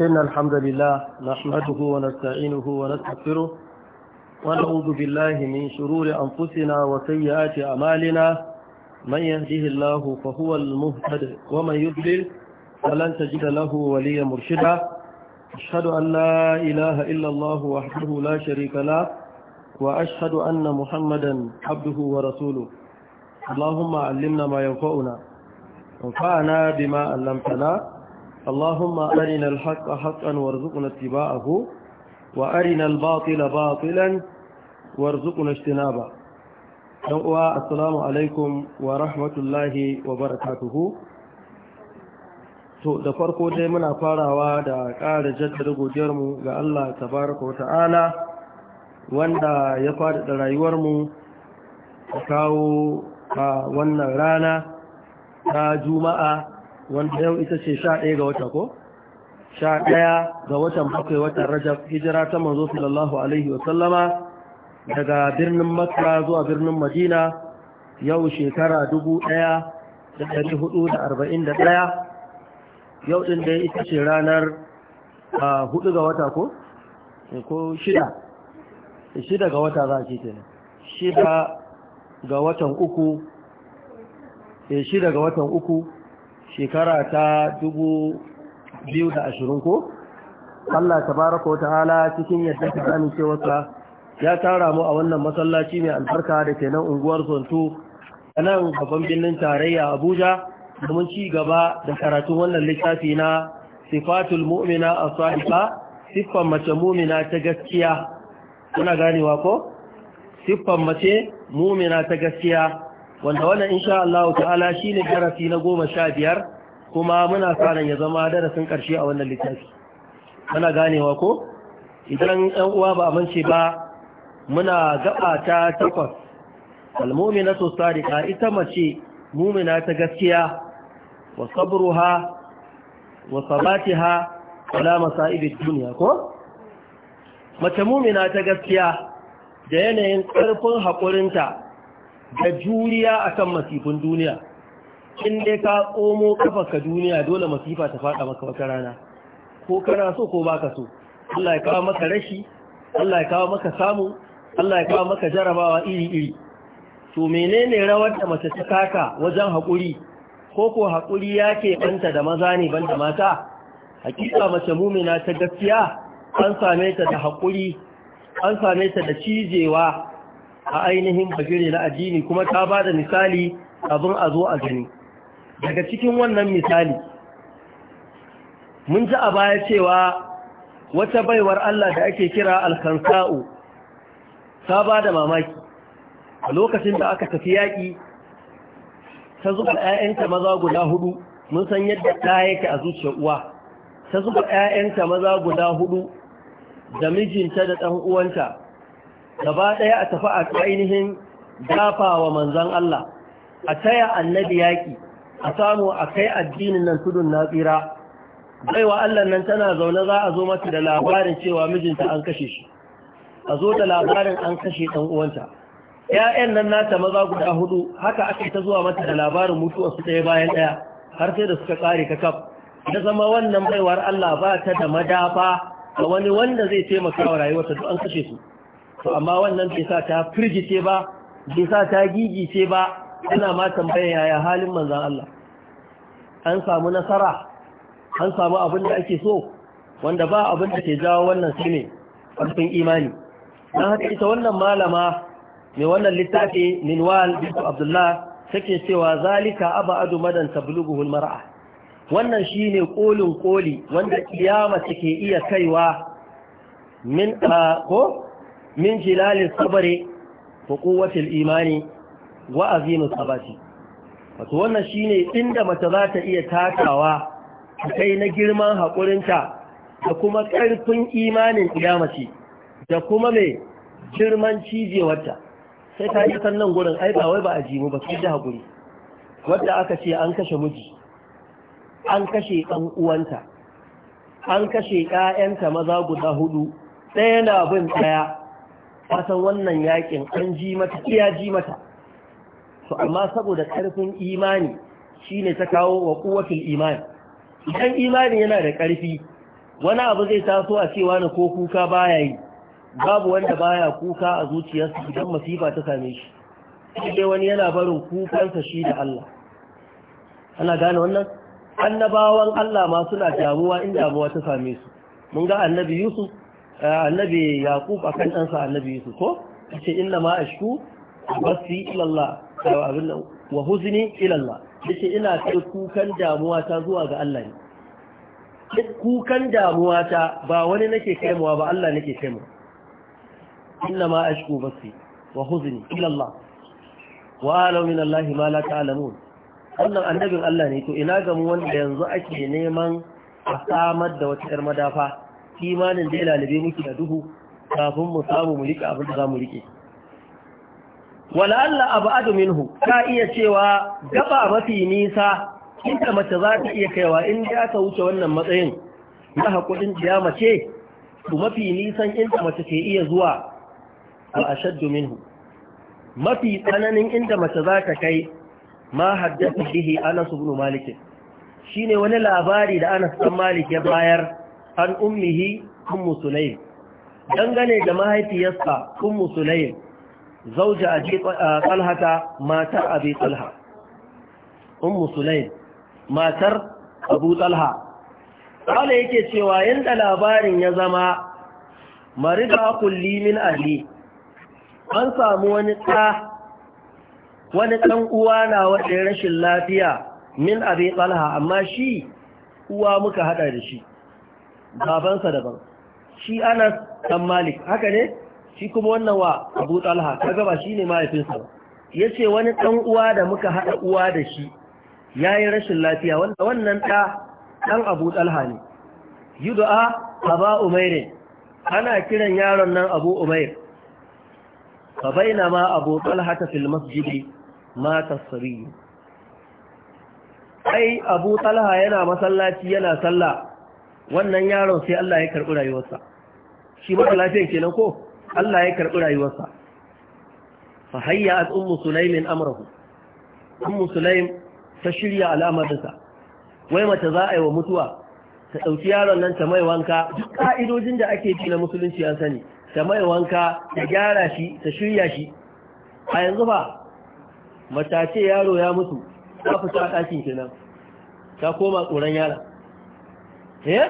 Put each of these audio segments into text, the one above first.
إن الحمد لله نحمده ونستعينه ونستغفره ونعوذ بالله من شرور أنفسنا وسيئات أمالنا من يهده الله فهو المهتد ومن يضلل فلن تجد له وليا مرشدا أشهد أن لا إله إلا الله وحده لا شريك له وأشهد أن محمدا عبده ورسوله اللهم علمنا ما ينفعنا وانفعنا بما علمتنا اللهم أرنا الحق حقا وارزقنا اتباعه وأرنا الباطل باطلا وارزقنا اجتنابا ɗan'uwa assalamu alaikum wa rahmatullahi wa barakatuhu to da farko dai muna farawa da ƙara jaddada godiyarmu ga Allah tabaraka wata'ala wanda ya faɗaɗa rayuwarmu mu kawo a wannan rana ta juma'a wanda yau ita ce sha ɗaya ga wata ko? sha ɗaya ga watan bakwai watan rajab hijira ta manzo sallallahu alaihi wasallama daga birnin makka zuwa birnin madina yau shekara dubu ɗaya da ɗari hudu da arba'in da ɗaya yau ɗin dai ita ce ranar hudu ga wata ko? ko shida shida ga wata za a ce kenan shida ga watan uku eh, shida ga watan uku shekara ta dubu biyu da ashirin ko Allah tabaraka wa ta'ala cikin yadda ta amincewarsa ya tara mu a wannan masallaci mai albarka da ke nan unguwar zonto a nan babban birnin tarayya Abuja domin ci gaba da karatun wannan littafi na sifatul mu'mina as siffan mace mu'mina ta gaskiya kuna ganewa ko siffan mace mu'mina ta gaskiya wanda wannan insha Allah ta'ala shi ne darasi na goma sha biyar kuma muna sa ya zama darasin karshe a wannan littafi gane ganewa ko idan ɗan uwa ba amince ba muna gaba ta takwas almomina to sadiqa ita mace mumina ta gaskiya wa ha wa sabatiha ala sa'ibin duniya ko mace mumina ta gaskiya da yanayin ƙarfin haƙurinta da juriya akan masifin duniya in dai ka komo ka duniya dole masifa ta fada maka wata rana ko kana so ko baka so Allah ya kawo maka rashi Allah ya kawo maka samu Allah ya kawo maka jarabawa iri-iri to menene rawar da mace ta kaka wajen haƙuri ko ko haƙuri ya ke banta da maza ne banta mata hakika mace mumina ta gaskiya an same ta da haƙuri an same ta da cijewa a ainihin bagire na addini kuma ta ba da misali abin a zo a gani daga cikin wannan misali mun ji a baya cewa wata baiwar Allah da ake kira alkansa'u ta ba da mamaki a lokacin da aka tafi yaƙi ta zuba 'ya'yanta maza guda hudu mun san yadda ta yake a zuciya uwa ta zuba 'ya'yanta maza guda hudu da mijinta da ɗan uwanta gaba ɗaya a tafi a ainihin dafa wa manzan Allah a taya annabi yaƙi a samu a kai addinin nan tudun na tsira baiwa Allah nan tana zaune za a zo mata da labarin cewa mijinta an kashe shi a zo da labarin an kashe ɗan uwanta ƴaƴan nan nata maza guda hudu haka ake ta zuwa mata da labarin mutuwa su ɗaya bayan ɗaya har sai da suka ka kaf. ta zama wannan baiwar Allah ba ta da madafa a wani wanda zai taimaka wa rayuwarta duk an kashe su to amma wannan bai sa ta firgice ba bai sa ta gigice ba ana ma tambaya yaya halin manzan Allah an samu nasara an samu abin da ake so wanda ba abin da ke jawo wannan su ne ƙarfin imani don haka ita wannan malama mai wannan littafi minwal bisu abdullah take cewa zalika aba adu madan tabluguhul mar'a wannan shine kolin koli wanda kiyama take iya kaiwa min ko min jilalin sabare wa kowatin imani wa azimin sabati wato wannan shine inda mace za ta iya takawa a kai na girman haƙurinta da kuma ƙarfin imanin ƙiyamaci da kuma mai girman cijewarta sai ta yi sannan gurin ai ba wai ba a jimu ba sai da haƙuri wadda aka ce an kashe miji an kashe ɗan uwanta an kashe 'ya'yanta maza guda hudu ɗaya na bin ɗaya kasan wannan yakin an ji mata iya ji mata to amma saboda karfin imani shine ta kawo wa kuwatul imani idan imani yana da karfi wani abu zai taso a cewa na ko kuka baya yi babu wanda baya kuka a zuciyarsa idan masifa ta same shi sai wani yana barin kukansa shi da Allah ana gane wannan annabawan Allah ma suna damuwa in damuwa ta same su mun ga annabi Yusuf Eh, annabi yaqub akan ɗansa annabi yusuf ko yace inna ma ashku basi ila Allah abin wa huzni ila Allah ce ina kai kukan damuwa ta zuwa ga Allah ne kukan damuwa ta ba wani nake kaimawa ba Allah nake kaimawa inna ma ashku basi wa huzni ila Allah wa alamu min Allah ma la ta'lamun wannan annabin Allah ne to ina ga mu wanda yanzu ake neman a samar da wata 'yar madafa imanin da ya lalabe muke da duhu kafin mu samu mu rike abin da za mu rike wala'alla abu adu minhu ka iya cewa gaba mafi nisa inda mace za ta iya kaiwa in da aka wuce wannan matsayin na haƙurin ya mace Ku mafi nisan inda mace ke iya zuwa wa ashaddu minhu mafi tsananin inda mace za ta kai ma haddasa bihi Anas ibn Malik ne wani labari da Anas ibn Malik ya bayar an ummihi ummu sulaim dangane da mahaifiyarsa ummu sulaim zauja a eh, talhata matar abi talha ummu sulaim matar abu talha kala yake cewa yanda labarin ya zama marida kulli min ali an samu wani ta wani ɗan uwa na wata rashin lafiya min abi talha amma shi uwa muka haɗa da shi babansa daban shi ana dan malik haka ne shi kuma wannan wa abu talha ta gaba shi ne mahaifinsa ya ce wani ɗan uwa da muka haɗa uwa da shi ya yi rashin lafiya wannan ɗa ɗan abu talha ne yi du'a aba umaire ana kiran yaron nan abu umair ka baina ma abu talha ta fil masjidi mata sabi ai abu talha yana masallaci yana sallah wannan yaron sai Allah ya karɓi rayuwarsa shi mara lafiyan kenan ko Allah ya karɓi rayuwarsa fa hayya at ummu sulaimin amrahu ummu sulaim ta shirya al'amarinsa wai mace za a yi wa mutuwa ta ɗauki yaron nan ta mai wanka duk ƙa'idojin da ake ji na musulunci an sani ta mai wanka ta gyara shi ta shirya shi a yanzu ba matace yaro ya mutu ta fita ɗakin kenan ta koma tsoron yaron eh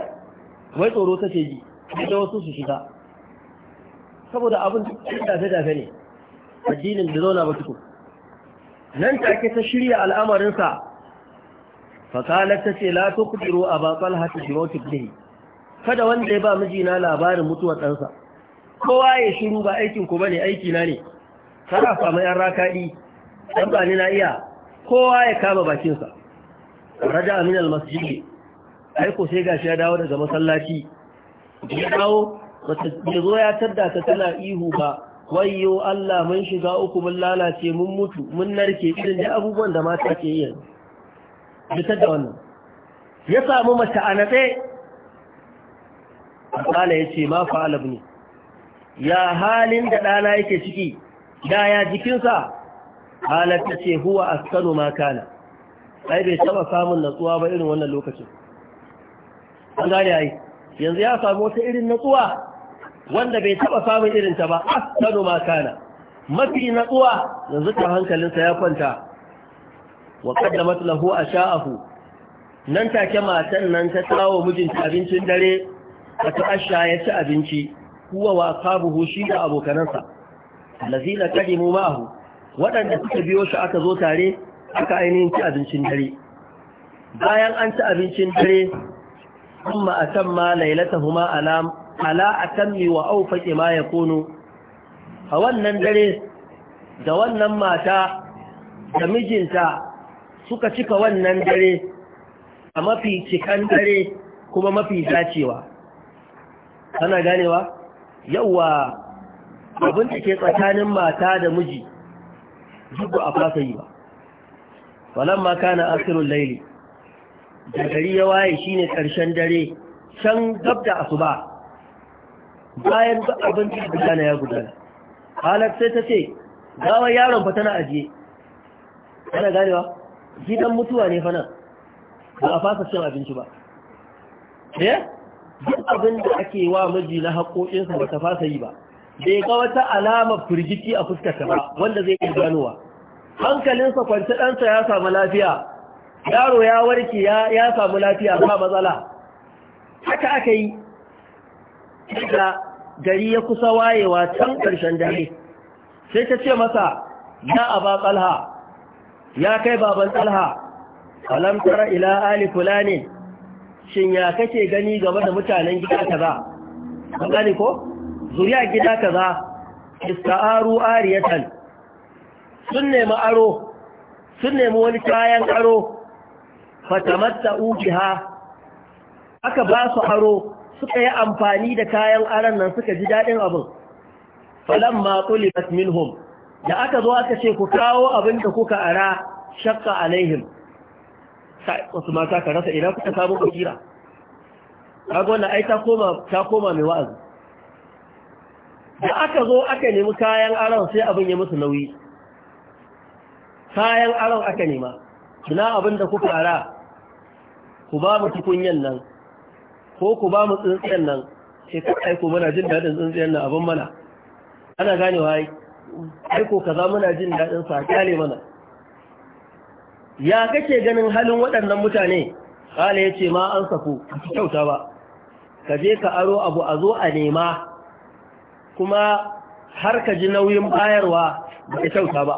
wai tsoro take yi da wasu su shiga saboda abin dafe-dafe ne addinin da zauna ba tuku nan take ta shirya al'amarinsa fakalar ta ce la tukdiru a bakal hatu shirotik ne kada wanda ya ba mijina labarin mutuwar ɗansa kowa ya shiru ba aikin ku bane aiki na ne kada samu yan rakaɗi ɗan ba ni na iya kowa ya kama bakinsa raja aminal al aiko sai gashi ya dawo daga masallaci ya dawo ya zo ya tadda ta tana ihu ba wayyo Allah mun shiga uku mun lalace mun mutu mun narke irin da abubuwan da mata ke yi ya da wannan ya samu mace a natse Allah ya ce ma fa'ala ne ya halin da ɗana yake ciki da ya jikinsa sa halatta ce huwa askanu ma kana ai bai taba samun natsuwa ba irin wannan lokacin an gane yi. yanzu ya samu wata irin natsuwa wanda bai taba samun irin ta ba asanu ma kana mafi natsuwa yanzu ta hankalinsa ya kwanta wa qaddamat a asha'ahu nan take matan nan ta tawo mijinta abincin dare ta asha ya ci abinci huwa wa ashabuhu shi da abokanansa allazina qadimu ma'ahu waɗanda suka biyo shi aka zo tare aka ainihin ci abincin dare bayan an ci abincin dare ثم أتم ليلتهما على على أتم وأوفق ما يكون أولا درس دوانا ماتا mijinta suka cika wannan dare a mafi cikan dare kuma mafi dacewa kana ganewa Yau wa? da ke tsakanin mata da miji duk a fasa yi ba walamma kana asirul laili da gari ya waye shine ƙarshen dare can gab da asuba bayan duk abinci da gudana ya gudana halar sai ta ce gawar yaron fa tana ajiye ana ganewa gidan mutuwa ne fana ba a fasa cin abinci ba ɗaya duk abin da ake wa miji na haƙoƙinsa ba ta fasa yi ba bai ga wata alamar firgici a fuskarta ba wanda zai iya ganowa hankalinsa kwanci ɗansa ya samu lafiya yaro ya warke ya samu lafiya ba matsala haka aka yi da gari ya kusa wayewa can ƙarshen dare sai ta ce masa ya a ba tsalha ya kai baban tsalha alamtar ila ali fulani shin ya kake gani game da mutanen gida kaza a gani ko zuriya gida kaza ista'aru ariyatan sun nemi aro sun nemi wani kayan aro fatamatta biha aka ba su aro suka yi amfani da kayan aron nan suka ji daɗin abin falamma qulibat minhum da aka zo aka ce ku kawo abin da kuka ara shakka alaihim wasu mata ka rasa ina kuka samu kujira kaga na ai ta koma ta koma mai wa'azi da aka zo aka nemi kayan aron sai abin ya musu nauyi kayan aron aka nema ina abin da kuka ara ku ba mu tukunyan nan ko ku ba mu tsintsiyan nan sai ka aiko muna jin daɗin tsintsiyan nan abin mana ana gane wa aiko kaza muna jin daɗin sa kyale mana ya kake ganin halin waɗannan mutane kala ya ce ma an sako saku kyauta ba ka je ka aro abu a zo a nema kuma har ka ji nauyin bayarwa ba ka kyauta ba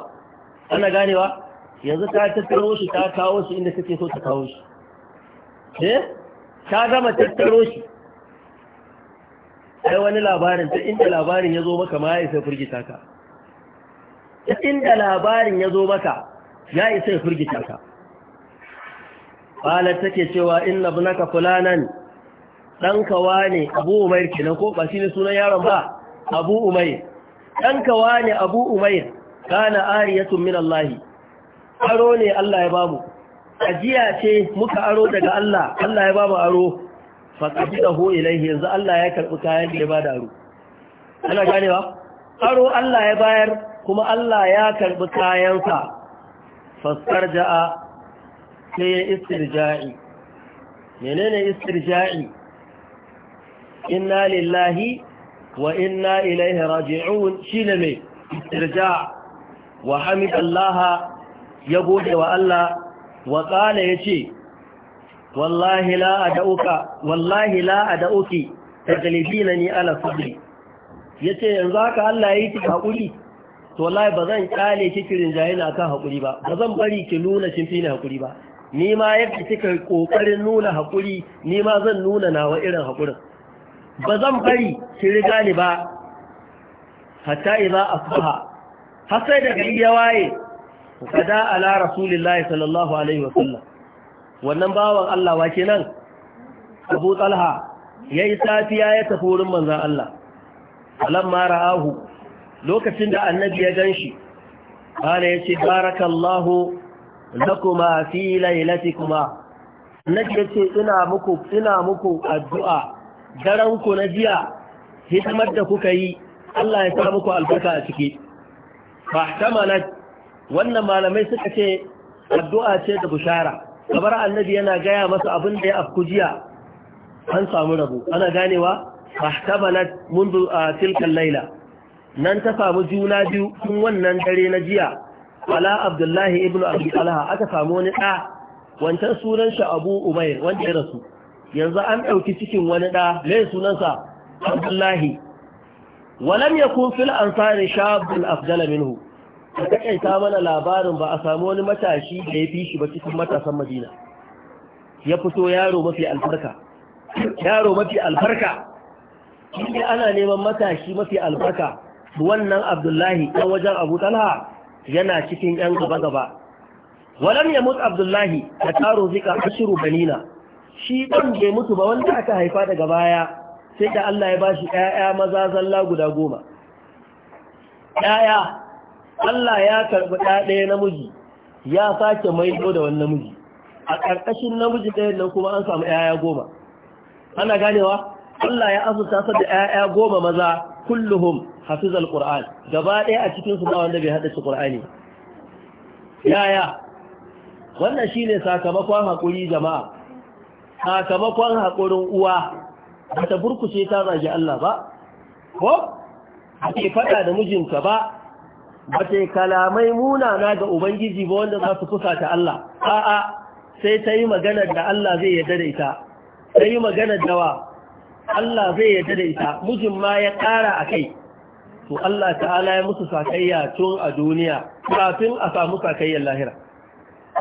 ana ganewa yanzu ta tattaro shi ta kawo shi inda kake so ta kawo shi ce eh? ta gama tattaro shi ai wani labarin ta inda labarin ya zo maka ma ya isa furgita ka ta inda labarin ya zo maka ya isa ya ka ƙalar take cewa inna bunaka fulanan ɗanka wane abu umair kenan ko ba shi ne sunan yaron ba abu umair ɗanka wane abu umair kana ariyatun min Allahi aro ne Allah ya bamu ajiya ce muka aro daga Allah Allah ya ba mu aro fa qabidahu ilayhi yanzu Allah ya karbi kayan da ya ba da aro ana ganewa aro Allah ya bayar kuma Allah ya karbi kayansa fastarja'a sai ya istirja'i menene istirja'i inna lillahi wa inna ilaihi raji'un shine mai istirja wa hamidallaha ya gode wa Allah wa qala yace wallahi la ad'uka wallahi la ad'uki taglibinani ala sabri yace yanzu haka Allah ya yi ki hakuri to wallahi bazan kale ki kirin jahila akan hakuri ba bazan bari ki nuna shimfi ne hakuri ba ni ma yadda kika kokarin nuna hakuri ni ma zan nuna nawa irin hakurin bazan bari ki riga ni ba hatta idza asbaha har da gari ya waye kada ala rasulillahi sallallahu alaihi wasallam wannan bawan Allah wa kenan Abu Talha yayi safiya ya tafi wurin manzon Allah alamma ra'ahu lokacin da annabi ya ganshi kana yace barakallahu lakuma fi lailatikuma nake yace ina muku ina muku addu'a daren ku na jiya hidimar da kuka yi Allah ya sa muku albarka a ciki fa wannan malamai suka ce addu'a ce da bushara kamar annabi yana gaya masa abin da ya afku jiya an samu rabu ana ganewa fahtabalat mundu a tilkan laila nan ta samu juna biyu tun wannan dare na jiya ala abdullahi ibn abi talha aka samu wani da wancan sunan shi abu umair wanda ya rasu yanzu an dauki cikin wani da mai sunansa abdullahi walam yakun fil ansari shabun afdala minhu Ka takaita mana labarin ba a samu wani matashi da ya fi shi ba cikin matasan madina ya fito yaro mafi albarka yaro mafi albarka shi ana neman matashi mafi albarka wannan abdullahi ɗan wajen abu talha yana cikin ‘yan gaba-gaba walam ya mutu abdullahi da taro zika shiru banina shi ɗan bai mutu ba wanda aka haifa daga baya sai da Allah ya ba shi ‘ya'ya maza zalla guda goma ‘ya'ya Allah ya karɓi ɗaya namiji ya sake maido da wani namiji a ƙarƙashin namiji ɗaya nan kuma an samu ‘ya'ya goma ana ganewa Allah ya azurta sa da ‘ya'ya goma maza kulluhum hafiz al gaba ɗaya a cikin su ba wanda bai haɗa shi Qur'ani yaya wannan shine sakamakon haƙuri jama'a sakamakon haƙurin uwa Bata ta burkuce ta zagi Allah ba ko ake faɗa da mijinka ba ba ta kalamai munana ga ubangiji ba wanda za su kusa ta Allah a'a sai ta yi maganar da Allah zai yarda da ita ta yi maganar da wa Allah zai yarda da ita mijin ma ya ƙara a kai to Allah ta'ala ya musu sakayya tun a duniya kafin a samu sakayyar lahira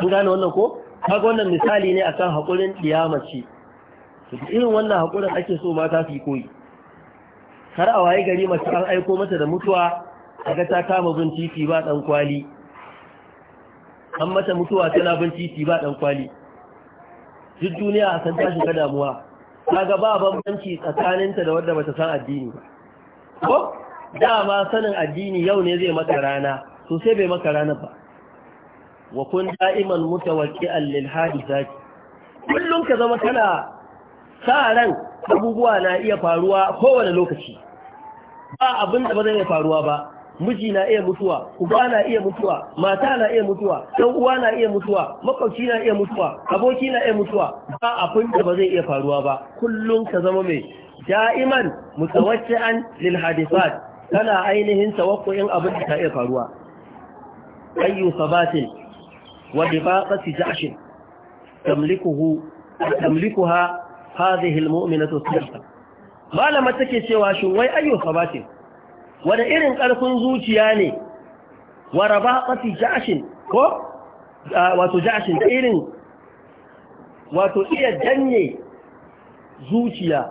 an gane wannan ko ga wannan misali ne akan hakurin kiyamaci to irin wannan haƙurin ake so mata su yi koyi har a waye gari mace an aiko mata da mutuwa kaga ta kama bin titi ba dan kwali an mata mutuwa tana bin titi ba dan kwali duk duniya a san ta ka damuwa kaga ba bambanci tsakaninta da wadda bata san addini ba ko dama sanin addini yau ne zai maka rana to sai bai maka rana ba wa kun da'iman mutawakki'an lil zaki. kullun ka zama kana sa ran abubuwa na iya faruwa kowane lokaci ba abinda da ba zai faruwa ba miji na iya mutuwa uba na iya mutuwa mata na iya mutuwa dan uwa na iya mutuwa makwabci na iya mutuwa aboki na iya mutuwa ba abin da ba zai iya faruwa ba kullum ka zama mai da'iman mutawacci'an lil hadisat kana ainihin tawakkuin abin da ka iya faruwa ayyu sabatin wa difaqati ja'shin tamlikuhu tamlikuha hadhihi mu'minatu sirra malama take cewa shin wai ayyu sabatin wani irin ƙarfin zuciya ne wa rabaɓati jashin ko wato jashin da irin wato iya danye zuciya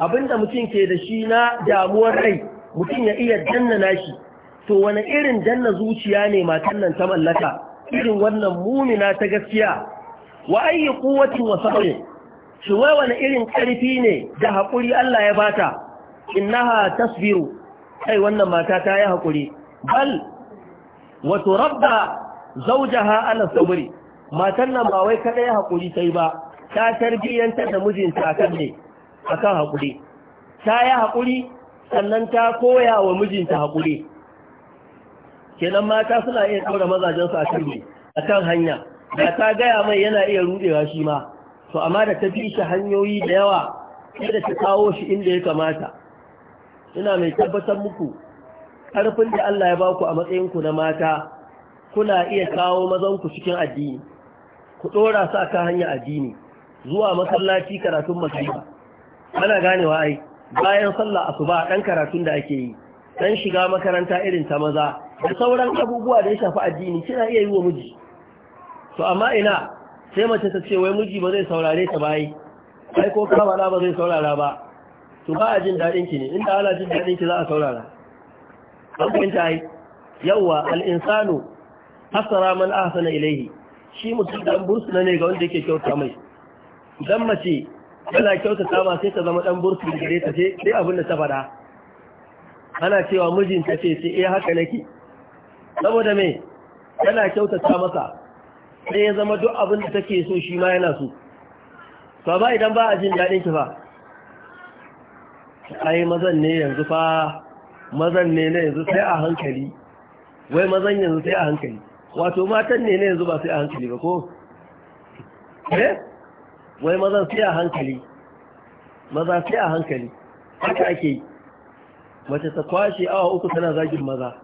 abinda mutum ke da shi na damuwar rai mutum ya iya danna nashi to wani irin danna zuciya ne matan nan ta mallaka irin wannan mumina ta gaskiya wa ayi kuwatin wa sabri shi wai wani irin karfi ne da haƙuri Allah ya bata innaha tasbiru kai wannan mata ta yi hakuri bal wato rabba zaujaha ala sabri matan nan ba wai kaɗai hakuri sai ba ta tarbiyyanta da mijinta akan ne akan haƙuri ta yi haƙuri sannan ta koya wa mijinta hakuri. kenan mata suna iya ɗaura su a kan akan hanya da ta gaya mai yana iya rudewa shi ma to amma da ta fi shi hanyoyi da yawa sai da ta kawo shi inda ya kamata ina mai tabbatar muku ƙarfin da Allah ya baku a matsayinku na mata kuna iya kawo mazanku cikin addini ku ɗora su a hanya addini zuwa masallaci karatun masallaci ana ganewa ai bayan sallah asuba ɗan karatun da ake yi ɗan shiga makaranta irin ta maza da sauran abubuwa da ya shafi addini kina iya yi wa miji to amma ina sai mace ta ce wai miji ba zai saurare ta bai ai ko kawala ba zai saurara ba to ba a jin daɗin ki ne inda ana jin daɗin ki za a saurara an ta yi yawwa al'insanu hasara man ahsana ilaihi shi mutum dan bursuna ne ga wanda yake kyauta mai dan mace tana kyauta ta sai ta zama dan bursu da gare ta ce sai abin da ta faɗa ana cewa ta ce sai eh haka nake saboda me tana kyauta ta masa sai ya zama duk abin da take so shi ma yana so to ba idan ba a jin daɗin ki fa ai mazan ne yanzu fa mazan ne na yanzu sai a hankali wai mazan yanzu sai a hankali wato matan ne na yanzu ba sai a hankali ba ko eh wai mazan sai a hankali maza sai a hankali haka ake yi mace ta kwashe awa uku tana zagin maza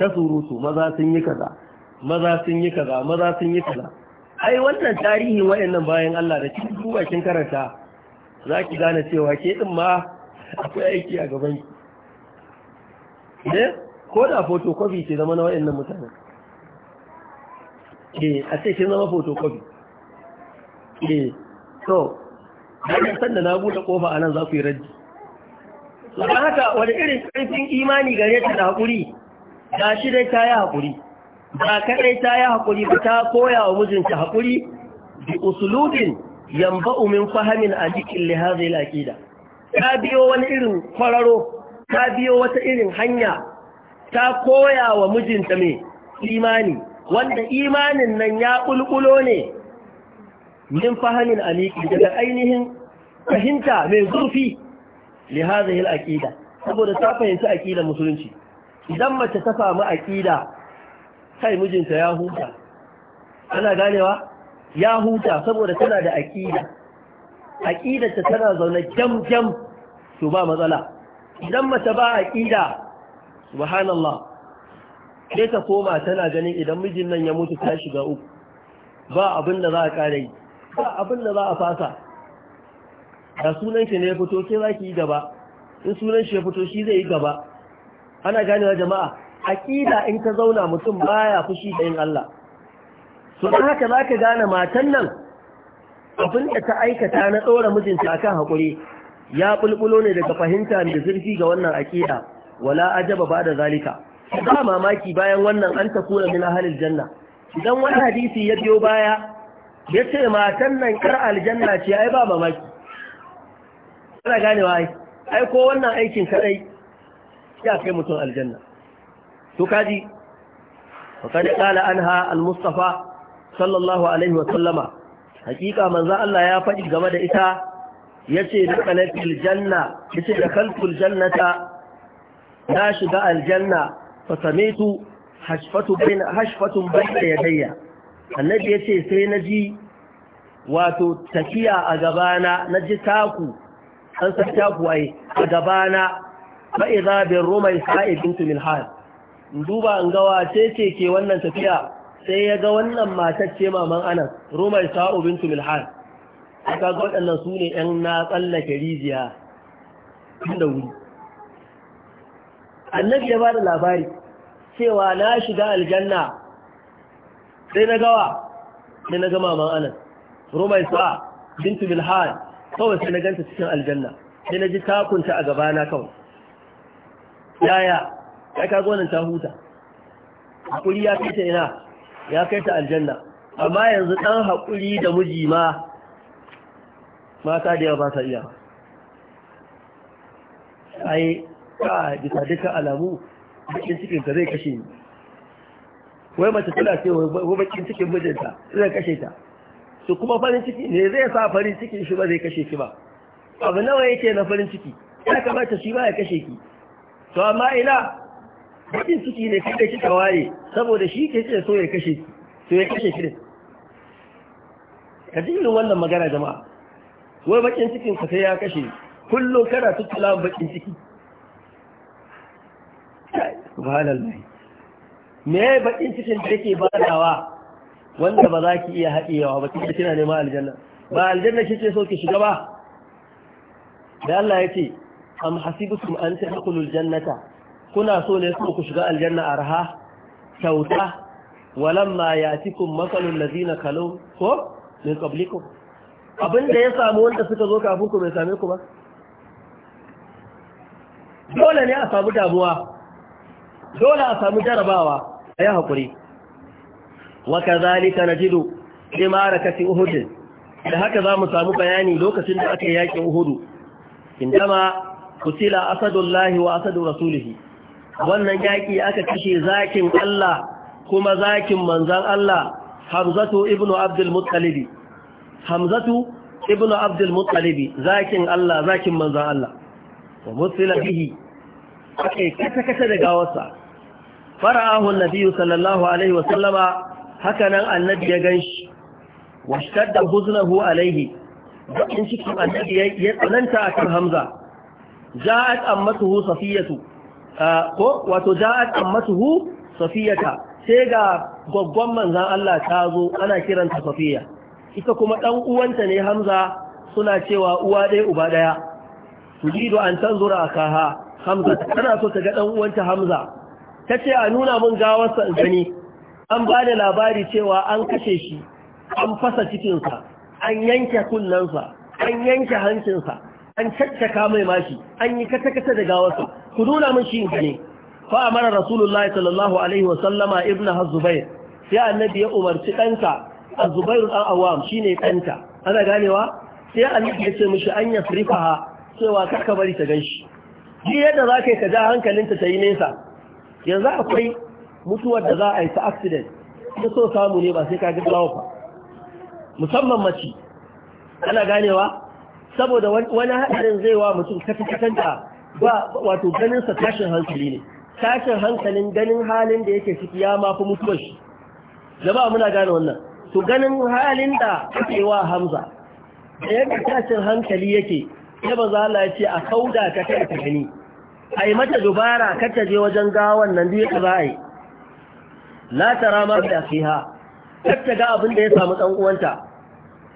ta surutu maza sun yi kaza maza sun yi kaza maza sun yi kaza ai wannan tarihin wayannan bayan Allah da cikin duwa kin karanta za ki gane cewa ke ɗin ma akwai aiki a gaban ki ne ko da photocopy ce zama na waɗannan mutane ke a ce kin zama photocopy ke so bayan sanda na buɗe kofa a nan za ku yi raji saboda haka wani irin ƙarfin imani gare ta da haƙuri ga shi dai ta yi haƙuri ba kaɗai ta yi haƙuri ba ta koya wa mijinta haƙuri bi usulubin yanba'u min fahamin ajikin li hadhihi al-aqida ka biyo wani irin kwararo ka biyo wata irin hanya ta koya wa mijinta mai imani wanda imanin nan ya ƙulƙulo ne min fahamin aliki daga ainihin fahimta mai zurfi li hadhihi saboda ta fahimci aqida musulunci idan mace ta samu aƙida, kai mijinta ya huta ana ganewa ya huta saboda tana da aƙida aƙida ta tana zaune jam jam to ba matsala idan mace ba aƙida subhanallah sai ta koma tana ganin idan mijin nan ya mutu ta shiga uku ba abin da za a ƙara yi ba abin da za a fasa da sunan shi ne ya fito sai za ki yi gaba in sunan shi ya fito shi zai yi gaba ana ganewa jama'a aƙida in ta zauna mutum baya fushi da yin Allah Su da haka za ka gane matan nan abin da ta aikata na tsora mijinta a kan haƙuri ya bulbulo ne daga fahimta da zurfi ga wannan aƙida wala ajaba ba da zalika ba mamaki bayan wannan an ta kura min ahalil janna idan wani hadisi ya biyo baya ya ce matan nan kar aljanna ce ai ba mamaki kana ganewa ai ai ko wannan aikin kadai ya kai mutum aljanna to kaji وقد قال عنها sallallahu alaihi wasallama hakika manzo Allah ya faɗi game da ita yace da kalatul janna yace da kalkul jannata na shiga aljanna fa samitu hashfatu bayna hashfatun bayna yadayya annabi yace sai naji wato tafiya a gabana naji taku an san taku ai a gabana fa idza bi rumai sa'ibintu min hal duba an ga wace ce ke wannan tafiya sai ya ga wannan matar ce maman anas rumai sa'o bintu milhan aka ga waɗannan su ne ‘yan na tsallake rijiya da wuri annabi ya ba da labari cewa na shiga aljanna sai na gawa sai na gama maman Anas, rumai Sa'o bintu bilhan kawai sai na ganta cikin aljanna sai na ji takunta a gabana kawai yaya ya ka gwanin ta huta a kuri ya fita ina ya kai ta aljanna amma yanzu ɗan haƙuri da miji ma mata da yawa ba sa iya ai ka bisa duka alamu cikin cikin ka zai kashe ni wai mace tana ce wai bakin cikin mijinta zai kashe ta su kuma farin ciki ne zai sa farin cikin shi ba zai kashe ki ba abu nawa yake na farin ciki ya kamata shi ba ya kashe ki to amma ina bakin ciki ne kai kika waye saboda shi ke ce so ya kashe to ya kashe kire ka ji wannan magana jama'a wai bakin cikin ka sai ya kashe kullo kana tuttula bakin ciki subhanallah me bakin cikin da yake badawa wanda ba za ki iya haɗewa ba kike kina neman aljanna ba aljanna ce so ki shiga ba da Allah yace am hasibukum an tadkhulul jannata kuna so ne su ku shiga aljanna arha kyauta walamma yatikum masalul ladina kalu ko min qablikum abinda ya samu wanda suka zo kafin ku bai same ku ba dole ne a samu damuwa dole a samu jarabawa ayi hakuri wa kadhalika najidu limarakati uhud da haka za mu samu bayani lokacin da aka yi yakin uhudu indama kutila asadullahi wa asadu rasulihi wannan yaƙi aka kashe zakin Allah kuma zakin manzan Allah Hamzatu Ibnu Abdul Muttalib Hamzatu Ibnu Abdul Muttalib zakin Allah zakin manzan Allah wa musila bihi akai kata kata da gawarsa fara'ahu annabi sallallahu alaihi wa sallama haka nan annabi ya ganshi wa shadda huznahu alaihi bakin cikin annabi ya tsananta kan Hamza ja'at ammatuhu safiyatu ko wato ja'at ammatuhu safiyata sai ga gwaggwan manzan Allah ta zo ana kiranta safiya ita kuma dan uwanta ne hamza suna cewa uwa ɗaya uba ɗaya tujidu an tanzura kaha hamza tana so ta ga dan uwanta hamza tace a nuna mun gawarsa in gani an ba da labari cewa an kashe shi an fasa cikinsa an yanke kunnensa an yanke hancinsa an caccaka mai mashi an yi kata-kata da gawarsa ku nuna min shi gani fa amara rasulullahi sallallahu alaihi wa sallama ibnu hazubair sai annabi ya umarci danka azubairu dan awam shine danta ana ganewa sai annabi ya ce mishi an yasrifaha cewa ka bari ta ganshi ji yadda za ka ka ja hankalinta ta yi nesa yanzu akwai mutuwar da za a yi ta accident ta so samu ne ba sai ka gaba ba musamman mace ana ganewa saboda wani haɗarin zai wa mutum fi da wato ganinsa sa tashin hankali ne tashin hankalin ganin halin da yake ciki ya ma mutuwar shi jama'a muna gane wannan to ganin halin da kake wa Hamza da yadda tashin hankali yake ya ba za Allah ce a kauda ka kai ka gani ai mata dubara ka ta je wajen gawan nan duk za a yi la tara ma da fiha kar ta ga abin da ya samu dan uwanta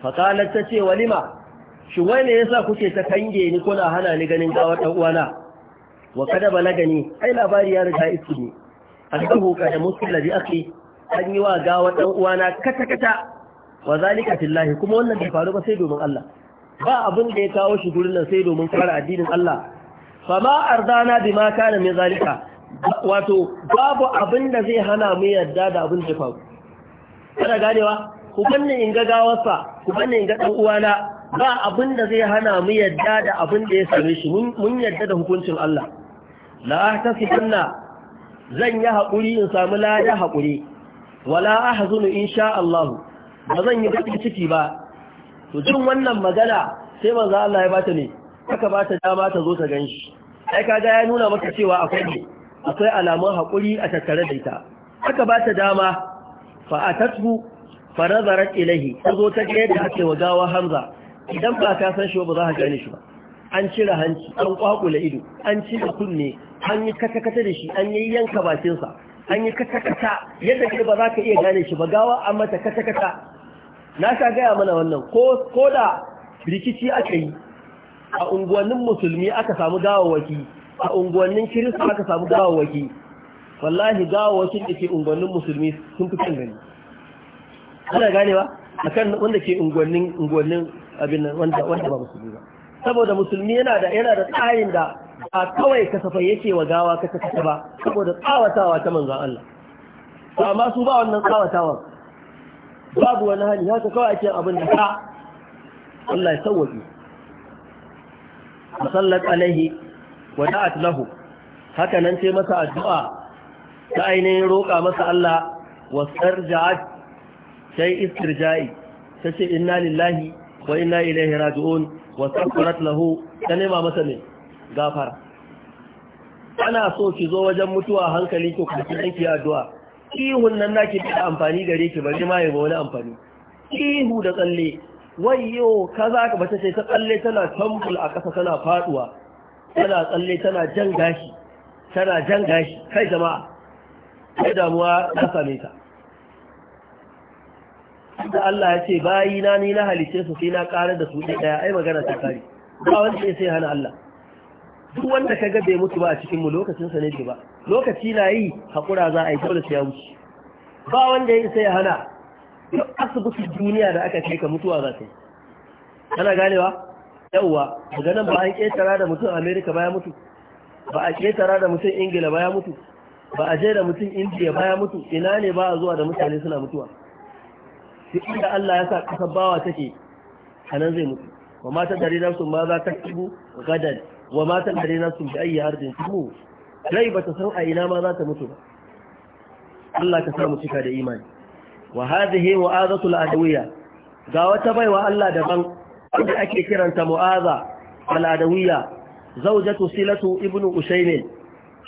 fa qalat ta ce walima shi wani sa kuke ta kange ni kuna hana ni ganin gawar ɗan uwana wa kada gani ai labari ya riga iski ne alƙahu kada musulma bi akhi an yi wa gawar ɗan uwana kata kata wa zalika fillahi kuma wannan da faru ba sai domin Allah ba abin da ya kawo shi gurin nan sai domin kare addinin Allah fa ma ardana bima kana min zalika wato babu abin da zai hana mu yarda da abin da ya faru kana ganewa ku banne in ga gawarsa ku banne in ga ɗan uwana ba abin da zai hana mu yadda da abin da ya same shi mun yadda da hukuncin Allah la ahtasibanna zan yi hakuri in samu lada hakuri. wala ahzunu insha Allah ba zan yi baki ciki ba to jin wannan magana sai manzo Allah ya bata ne aka bata dama ta zo ta ganshi ai kaga ya nuna maka cewa akwai akwai alamun hakuri a tattare da ita aka bata dama fa atatbu nazarat ilahi ta zo ta ga yadda ake wa gawa Hamza idan ba ka san shi ba za ka gane shi ba an cire hanci an kwakula ido an cire kunne an yi katakata da shi an yi yanka bakinsa an yi katakata. yadda kai ba za ka iya gane shi ba gawa an mata katakata. na ka gaya mana wannan ko da rikici aka yi a unguwannin musulmi aka samu gawawaki a unguwannin kirista aka samu gawawaki wallahi gawawakin da ke unguwannin musulmi sun fi kan gani ana gane ba akan wanda ke unguwannin abin wanda wanda ba musulmi ba saboda musulmi yana da yana da tsayin da ba kawai kasafai yake wa gawa kasa kasa ba saboda tsawatawa ta manzon Allah to amma su ba wannan tsawatawa babu wani hali haka kawai ake abin da ka Allah ya sauwaje musallat alaihi wa da'at lahu haka nan sai masa addu'a ta ainihin roƙa masa Allah wasar ja'ad sai istirja'i ta ce inna lillahi wa inna ilaihi raji'un wa sakkarat lahu ta nema masa ne gafara ana so ki zo wajen mutuwa hankali ko kuma kin ki addu'a ihun nan naki da amfani gare ki bari ma ya wani amfani ihu da tsalle wayyo kaza ka bace sai ta tsalle tana tambul a kasa tana faduwa tana tsalle tana jan gashi tana jan kai jama'a kai damuwa na same ta da Allah ya ce na ni na halice su sai na ƙarar da su ɗaya ai magana ta kare ba wanda ya sai hana Allah duk wanda ka ga bai mutu ba a cikin mu lokacin sa ne ba lokaci na yi hakura za a yi dole sai ya wuce ba wanda ya sai hana duk asibiti duniya da aka kai ka mutuwa za ta yi kana ganewa yauwa daga nan ba a ƙetara da mutum Amerika ba ya mutu ba a ƙetara da mutum Ingila ba ya mutu ba a je da mutum Indiya ba ya mutu ina ne ba a zuwa da mutane suna mutuwa duk inda Allah ya sa kasar bawa take nan zai mutu wa mata dare na sun ma za ta kibu gadan wa mata dare na sun bi ayi harbin tumu rai ba ta san a ina ma za ta mutu ba Allah ka samu cika da imani wa hadhihi mu'azatul adawiyya ga wata baiwa Allah daban wanda ake kiranta mu'aza al adawiyya zawjatu silatu ibnu usaymin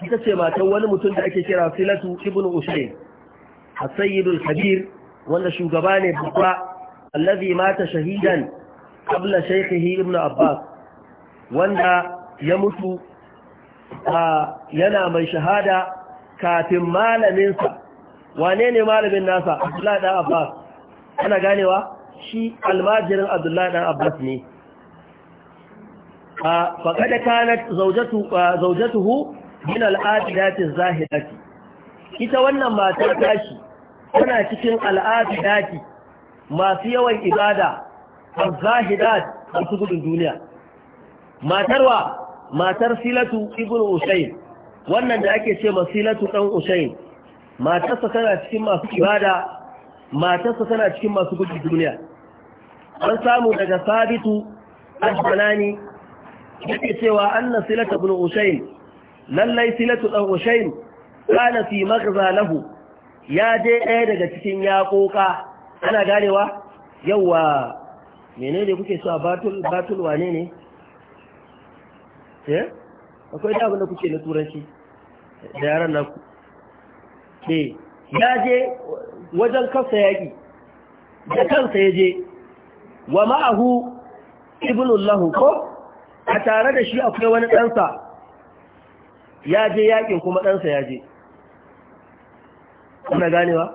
ita ce matan wani mutum da ake kira silatu Ibn usaymin as-sayyidul kabir wanda shugaba ne babba allazi mata shahidan qabla shaykhihi ibn abbas wanda ya mutu yana mai shahada kafin malaminsa wane ne malamin nasa abdullahi dan abbas ana ganewa shi almajirin abdullahi dan abbas ne faƙaɗa kanat zaujatuhu min al'adilati zahidati ita wannan matar tashi tana cikin al'adu al'abidati masu yawan ibada a zahidat masu gudun duniya matarwa matar silatu ibn usayn wannan da ake ce ma silatu dan usayn matarsa tana cikin masu ibada matarsa tana cikin masu gudun duniya an samu daga sabitu al-banani yake cewa anna silatu ibn usayn lallai silatu dan usayn kana fi magza lahu ya je ɗaya daga cikin yaƙoƙa ana ganewa wa? mene ne kuke suwa a batul batul wane ne eh akwai da abinda kuke na turanci da yaran naku eh ya je wajen kansa yaƙi da kansa ya je wa ma'ahu ibnullahu ko a tare da shi akwai wani ɗansa ya je yaƙin kuma ɗansa ya je kuna ganewa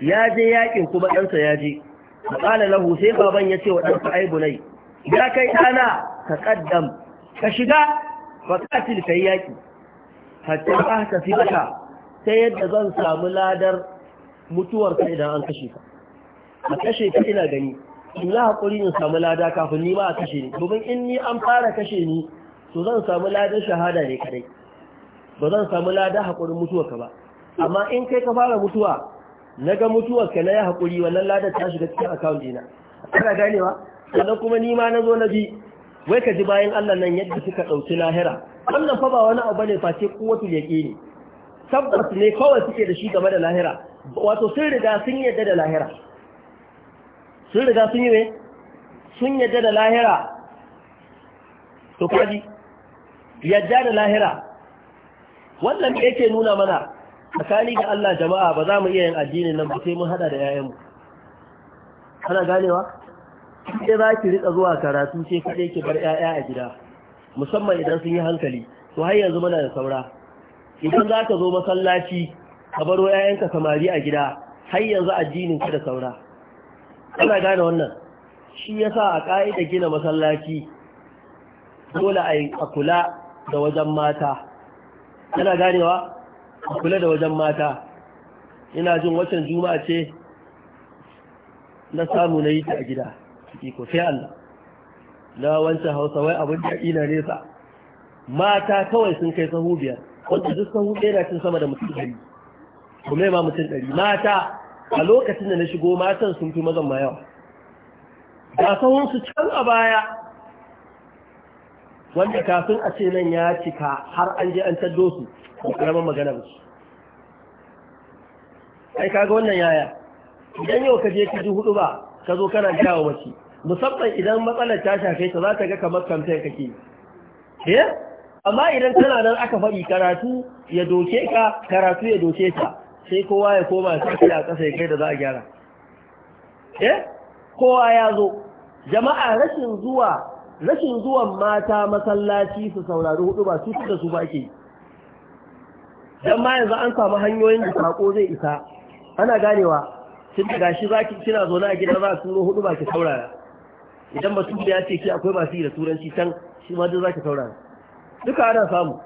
ya je yakin kuma ɗansa ya je maƙala lahu sai baban ya ce wa ɗansa ai bunai ya kai ɗana ka ƙaddam ka shiga faƙatil ka yi yaƙi hatta ba ka fi bata ta yadda zan samu ladar mutuwar ka idan an kashe ka a kashe ka ina gani in na haƙuri in samu lada kafin ni ma a kashe ni domin in ni an fara kashe ni to zan samu ladar shahada ne kadai ba zan samu lada haƙurin mutuwar ka ba amma in kai ka fara mutuwa na ga mutuwa ka na ya haƙuri wannan ladar ta shiga cikin akawun dina ana ganewa sannan kuma ni ma na zo na bi wai ka ji bayan Allah nan yadda suka ɗauki lahira wannan fa ba wani abu ne face kuwatu yaqini tabbas ne kawai suke da shi game da lahira wato sun riga sun yadda da lahira sun riga sun yi ne sun yadda da lahira to kwaji yadda da lahira wannan yake nuna mana tsakani ga Allah jama'a ba za mu iya yin addinin nan ba sai mun hada da yayanmu kana ganewa sai za ki rika zuwa karatu sai kaɗai ki bar 'ya'ya a gida musamman idan sun yi hankali to har yanzu muna da saura idan za ka zo masallaci ka baro 'ya'yanka samari a gida har yanzu addinin ka da saura kana gane wannan shi yasa a ka'ida gina masallaci dole a kula da wajen mata kana ganewa kula da wajen mata ina jin watan juma'a ce na samu na yi ta a gida ko sai Allah na wancan hausa wai abin da ina nesa mata kawai sun kai sahu biyar wanda duk sahu ɗaya na cin sama da mutum ɗari kuma ma mutum ɗari mata a lokacin da na shigo matan sun fi mazan ma yawa ga sahun su can a baya wanda kafin a ce nan ya cika har an je an taddo su ko karamar magana ba ai kaga wannan yaya idan yau ka je ka ji hudu ba ka zo kana jawo mace musamman idan matsalar ta shafe ta za ta ga kamar ka kake eh amma idan tana nan aka faɗi karatu ya doke ka karatu ya doke ta sai kowa ya koma ya sake a ƙasa ya kai da za a gyara eh kowa ya zo jama'a rashin zuwa rashin zuwan mata masallaci su saurari hudu ba su da su ba ake dan ma yanzu an samu hanyoyin da sako zai isa ana ganewa tun da gashi zaki kina zo na a gidan za su hudu ba ki saurara idan ba su ya ce ki akwai masu yi da turanci can shi ma duk zaki saurara duka ana samu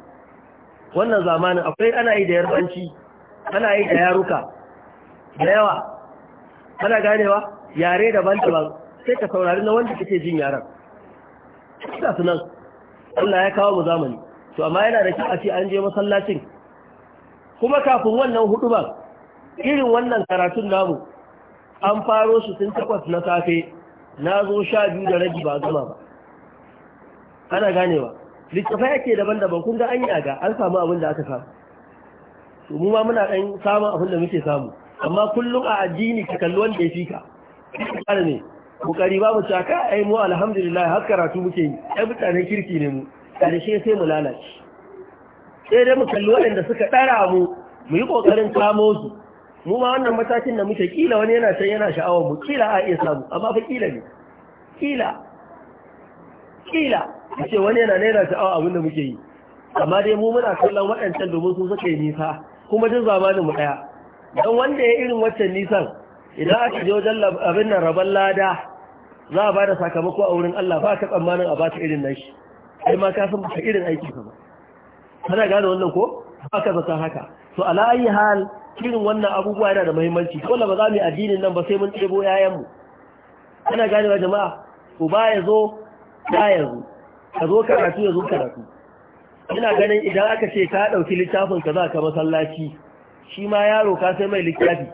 wannan zamanin akwai ana yi da yarbanci ana yi da yaruka da yawa ana ganewa yare daban-daban sai ka saurari na wanda kake jin yaran ina sunan Allah ya kawo mu zamani to amma yana da kyau a ce an je masallacin kuma kafin wannan hudu irin wannan karatun namu an faro su tun takwas na safe na zo sha biyu da rabi ba gama ba ana ganewa littafai ake daban-daban kun ga an yi aga an samu abin da aka samu su mu ma muna ɗan samun abin da muke samu amma kullum a addini ka kalli wanda ya fi ka kana ne kokari babu caka ai mu alhamdulillah har karatu muke yi Ƴan mutanen kirki ne mu karshe sai mu lalace sai dai mu kalli waɗanda suka ɗara mu mu yi ƙoƙarin kamo su mu ma wannan matakin da muke kila wani yana can yana sha'awar mu kila a iya samu amma fa kila ne kila kila a ce wani yana naira sha'awa abin da muke yi amma dai mu muna kallon waɗancan domin su suka yi nisa kuma duk zamanin mu ɗaya don wanda ya irin waccan nisan idan aka je wajen abin nan rabon lada za a ba da sakamako a wurin Allah ba ta tsammanin a ba ta irin nashi ai ma ka san ba irin aiki ba kana gane wannan ko aka zata haka to ala ayi hal irin wannan abubuwa yana da muhimmanci dole ba za mu yi addinin nan ba sai mun ɗebo yayanmu kana gane wa jama'a ba ya zo ya ya zo ka zo karatu ya zo karatu ina ganin idan aka ce ka ɗauki littafin ka za ka masallaci shi ma yaro ka sai mai littafi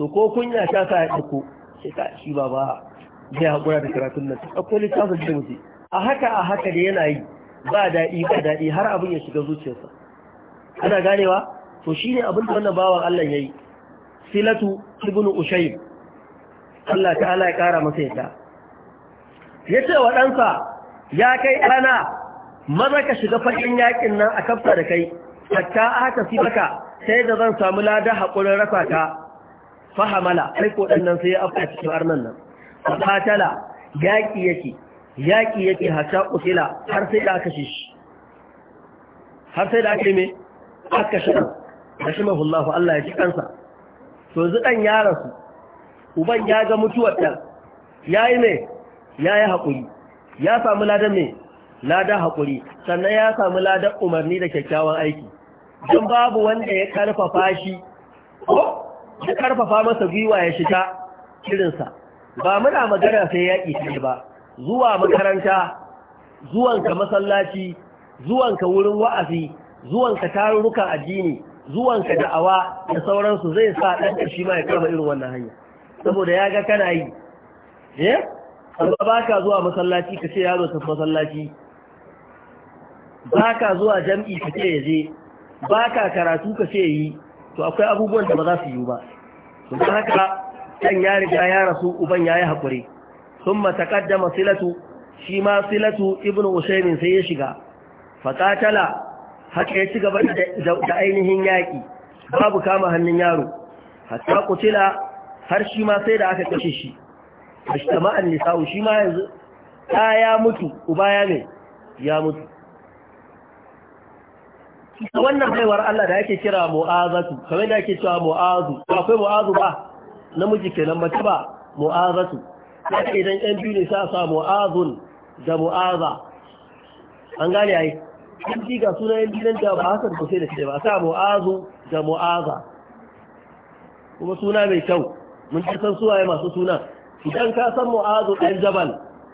to ko kunya ta sa ya ɗauko sai ka shi ba ba zai haƙura da karatun nan Akwai littafin da mutum. a haka a haka da yana yi ba daɗi ba daɗi har abin ya shiga zuciyarsa ana ganewa to shi ne abin da wannan bawan Allah ya yi. silatu Ibn ushayb Allah ta'ala ya ƙara masa yadda ce wa ɗansa ya kai ɗana maza ka shiga faɗin yaƙin nan a kafta da kai hatta aka fi baka sai da zan samu lada haƙurin rasa ka fahamala sai ko ɗan sai ya afka cikin arnan nan A fatala yaƙi yake yaƙi yake hata ƙusila har sai da aka shi har sai da aka me aka shi da shi mahullahu Allah ya ci kansa to yanzu ɗan ya rasu uban ya ga mutuwar ɗan ya yi mai ya yi haƙuri ya samu ladan mai, ladan haƙuri sannan ya samu ladan umarni da kyakkyawan aiki don babu wanda ya karfafa shi ko ya karfafa masa gwiwa ya shiga kirinsa ba muna magana sai yaƙi ce ba zuwa makaranta zuwanka masallaci zuwanka wurin wa'azi zuwanka tarurrukan addini zuwanka da'awa da sauransu zai sa ɗan shi ma ya kama irin wannan hanya saboda ya ga kana yi eh amma baka zuwa masallaci ka ce yaro tafi masallaci baka zuwa jam'i ka ce ya je baka karatu ka ce yi to akwai abubuwan da ba za su yi ba don haka kan ya riga ya rasu uban yayi hakuri ثم تقدم صلته شيما صلته ابن سي سيشغى فقاتل حتى hannun yaro. ياكي باب har shi يارو حتى قتل هر kashe سيدا أكتششي اجتماع النساء شما يزو ta ya mutu uba ya ne ya mutu wannan baiwar Allah da yake kira mu'azatu kamar da yake cewa mu'azu akwai mu'azu ba namiji kenan mace ba mu'azatu haka idan yan biyu ne sa sa mu'azun da mu'aza an gane ya yi. an ji ga suna yan biyu da ba hasar kusa da shi ba sa mu'azu da mu'aza kuma suna mai kyau mun ci san suwaye masu suna idan ka san mu'azu ɗan jabal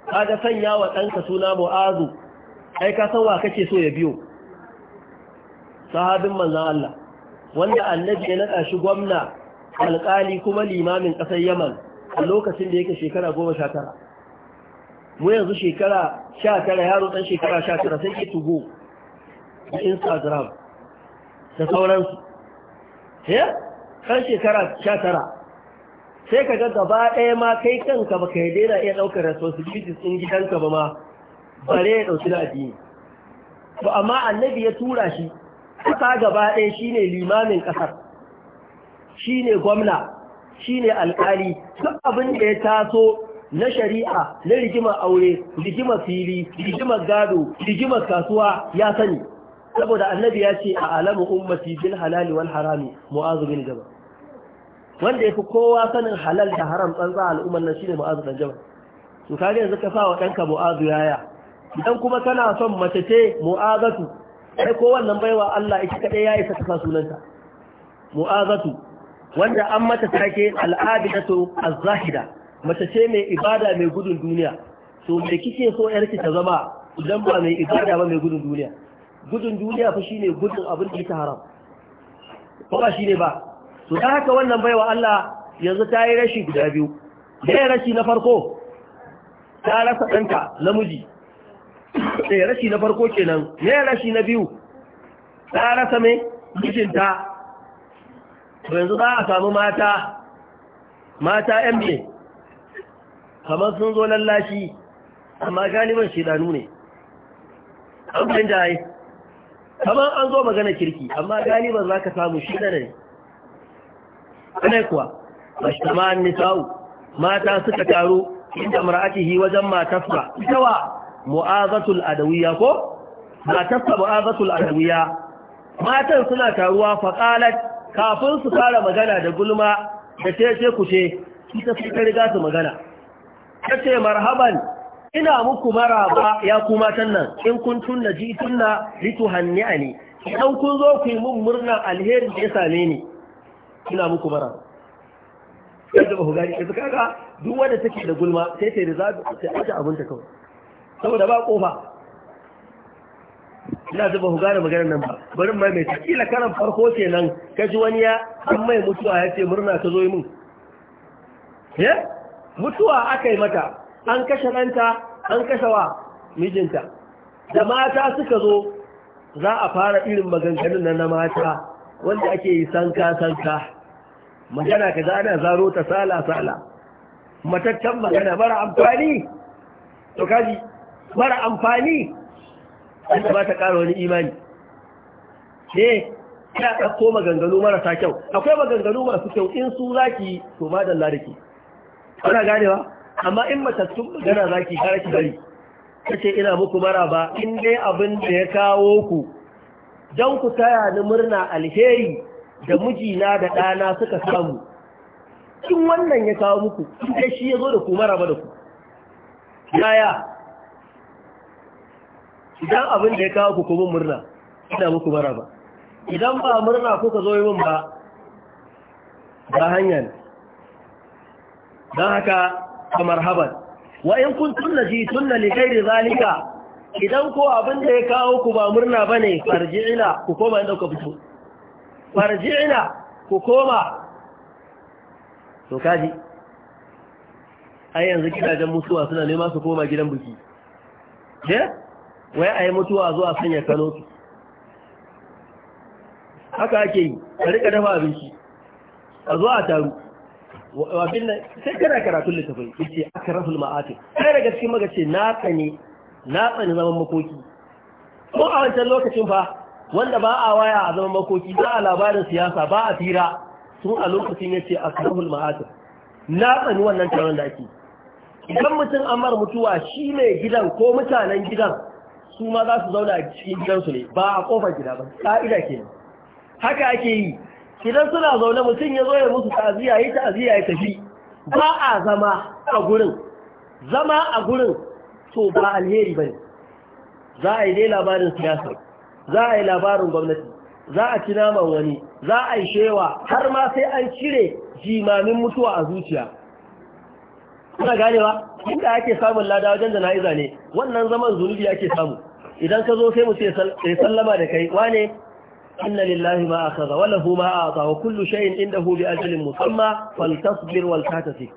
ka ga sanya wa ɗanka suna mu'azu ai ka san wa kake so ya biyo sahabin manzan Allah wanda annabi ya naɗa shi gwamna alƙali kuma limamin ƙasar Yaman a lokacin da yake shekara goma sha tara mu yanzu shekara sha tara yaro ɗan shekara sha tara sai ke tugu da instagram da sauransu ya kan shekara sha tara sai ka ga gaba ɗaya ma kai kanka ba ka yi daina iya ɗaukar responsibilities ɗin gidanka ba ma bare ya ɗauki na addini to amma annabi ya tura shi ƙasa gaba ɗaya shine limamin ƙasar shine gwamna Shi ne alƙali duk abin da ya taso na shari'a na rigimar aure rigimar fili rigimar gado rigimar kasuwa ya sani saboda annabi ya ce a alamu ummati bil halali wal harami mu'azu bin jabal wanda yafi kowa sanin halal da haram tsantsa al'ummar nan shine mu'azu dan jabal to kage yanzu ka sa wa danka mu'azu yaya idan kuma kana son mace ce mu'azatu sai ko wannan baiwa Allah ita kadai yayi ta sunanta mu'azatu wanda an mata take al'adatu az-zahida mace ce mai ibada mai gudun duniya to mai kike so yarki ta zama idan ba mai ibada ba mai gudun duniya gudun duniya fa shine gudun abin da yake haram ko ba shine ba To dan haka wannan baiwa Allah yanzu ta yi rashi guda biyu da ya rashi na farko ta rasa ɗanta namiji da eh, ya rashi na farko kenan ya rashi na biyu ta rasa mai mijinta to yanzu za a samu mata mata yan kamar sun zo lallashi amma galiban shidanu ne an fahimta yi kamar an zo magana kirki amma galiban za ka samu shidana ne ana kuwa an nisa'u mata suka taru inda mar'atihi wajen matasa ita wa mu'azatul adawiya ko matasa mu'azatul adawiya matan suna taruwa faƙalar kafin su fara magana da gulma da tece kushe, ita su ta riga su magana ta ce marhaban ina muku maraba ya kuma can nan in kun tunna ji tunna ritu hannu a ne idan kun zo ku yi mun murnan alheri da ya same ni ina muku maraba ya zaba ku gani ka kaga duk wanda take da gulma sai ta za ta aje abinta kawai saboda ba kofa ina zuba ku gane maganar nan ba bari mai mai kila karan farko kenan kaji wani ya an mai mutuwa ya ce murna ta zo yi min ya mutuwa aka yi mata an kashe ɗanta an kashe wa mijinta da mata suka zo za a fara irin maganganun nan na mata wanda ake yi sanka sanka magana ka za ana zaro ta sala sala matattan magana mara amfani to kaji mara amfani wanda ba ta ƙara wani imani ne ya ɗauko maganganu marasa kyau akwai maganganu masu kyau in su zaki to ma da lariki ana ganewa amma in matattun magana zaki gara ki bari ce ina muku maraba in dai abin da ya kawo ku don ku taya ni murna alheri da mijina da ɗana suka samu in wannan ya kawo muku in dai shi ya zo da ku maraba da ku yaya idan abin da ya kawo ku kuma murna ina muku bara ba idan ba murna kuka zo yi min ba ba hanyar. ne don haka Kamar Haban. wa in kun tunna ji tunna likairi zalika idan ko abin da ya kawo ku ba murna ba ne farji'ina ku koma inda ku fito farji'ina ku koma to kaji ai yanzu gidajen musuwa suna nema su koma gidan buki je eh? wai a yi mutuwa zuwa sanya kano haka ake yi a rika dafa abinci a zuwa a taru wafin nan sai kana karatun littafai ya ce aka rafin ma'afin sai daga cikin magace na tsane na tsane zaman makoki ko a wancan lokacin fa wanda ba a waya a zaman makoki ba a labarin siyasa ba a fira sun a lokacin ya ce aka rafin ma'afin na tsani wannan taron da ake idan mutum an mara mutuwa shi mai gidan ko mutanen gidan su ma za su zauna a cikin gidansu ne ba a kofar gida ba ka'ida ke haka ake yi idan suna zaune mutum ya zo ya musu ta'aziyya yi ta'aziyya ya tafi ba a zama a gurin zama a gurin to ba alheri bane za a yi dai labarin siyasa za a yi labarin gwamnati za a ci naman wani za a yi shewa har ma sai an cire jimamin mutuwa a zuciya kuna ganewa inda ake samun lada wajen da jana'iza ne wannan zaman zunubi ake samu idan ka zo sai mu ce eh, sallama da kai wane inna lillahi ma akhadha wa lahu ma ata wa kullu shay'in indahu bi ajalin musamma faltasbir wal tatasi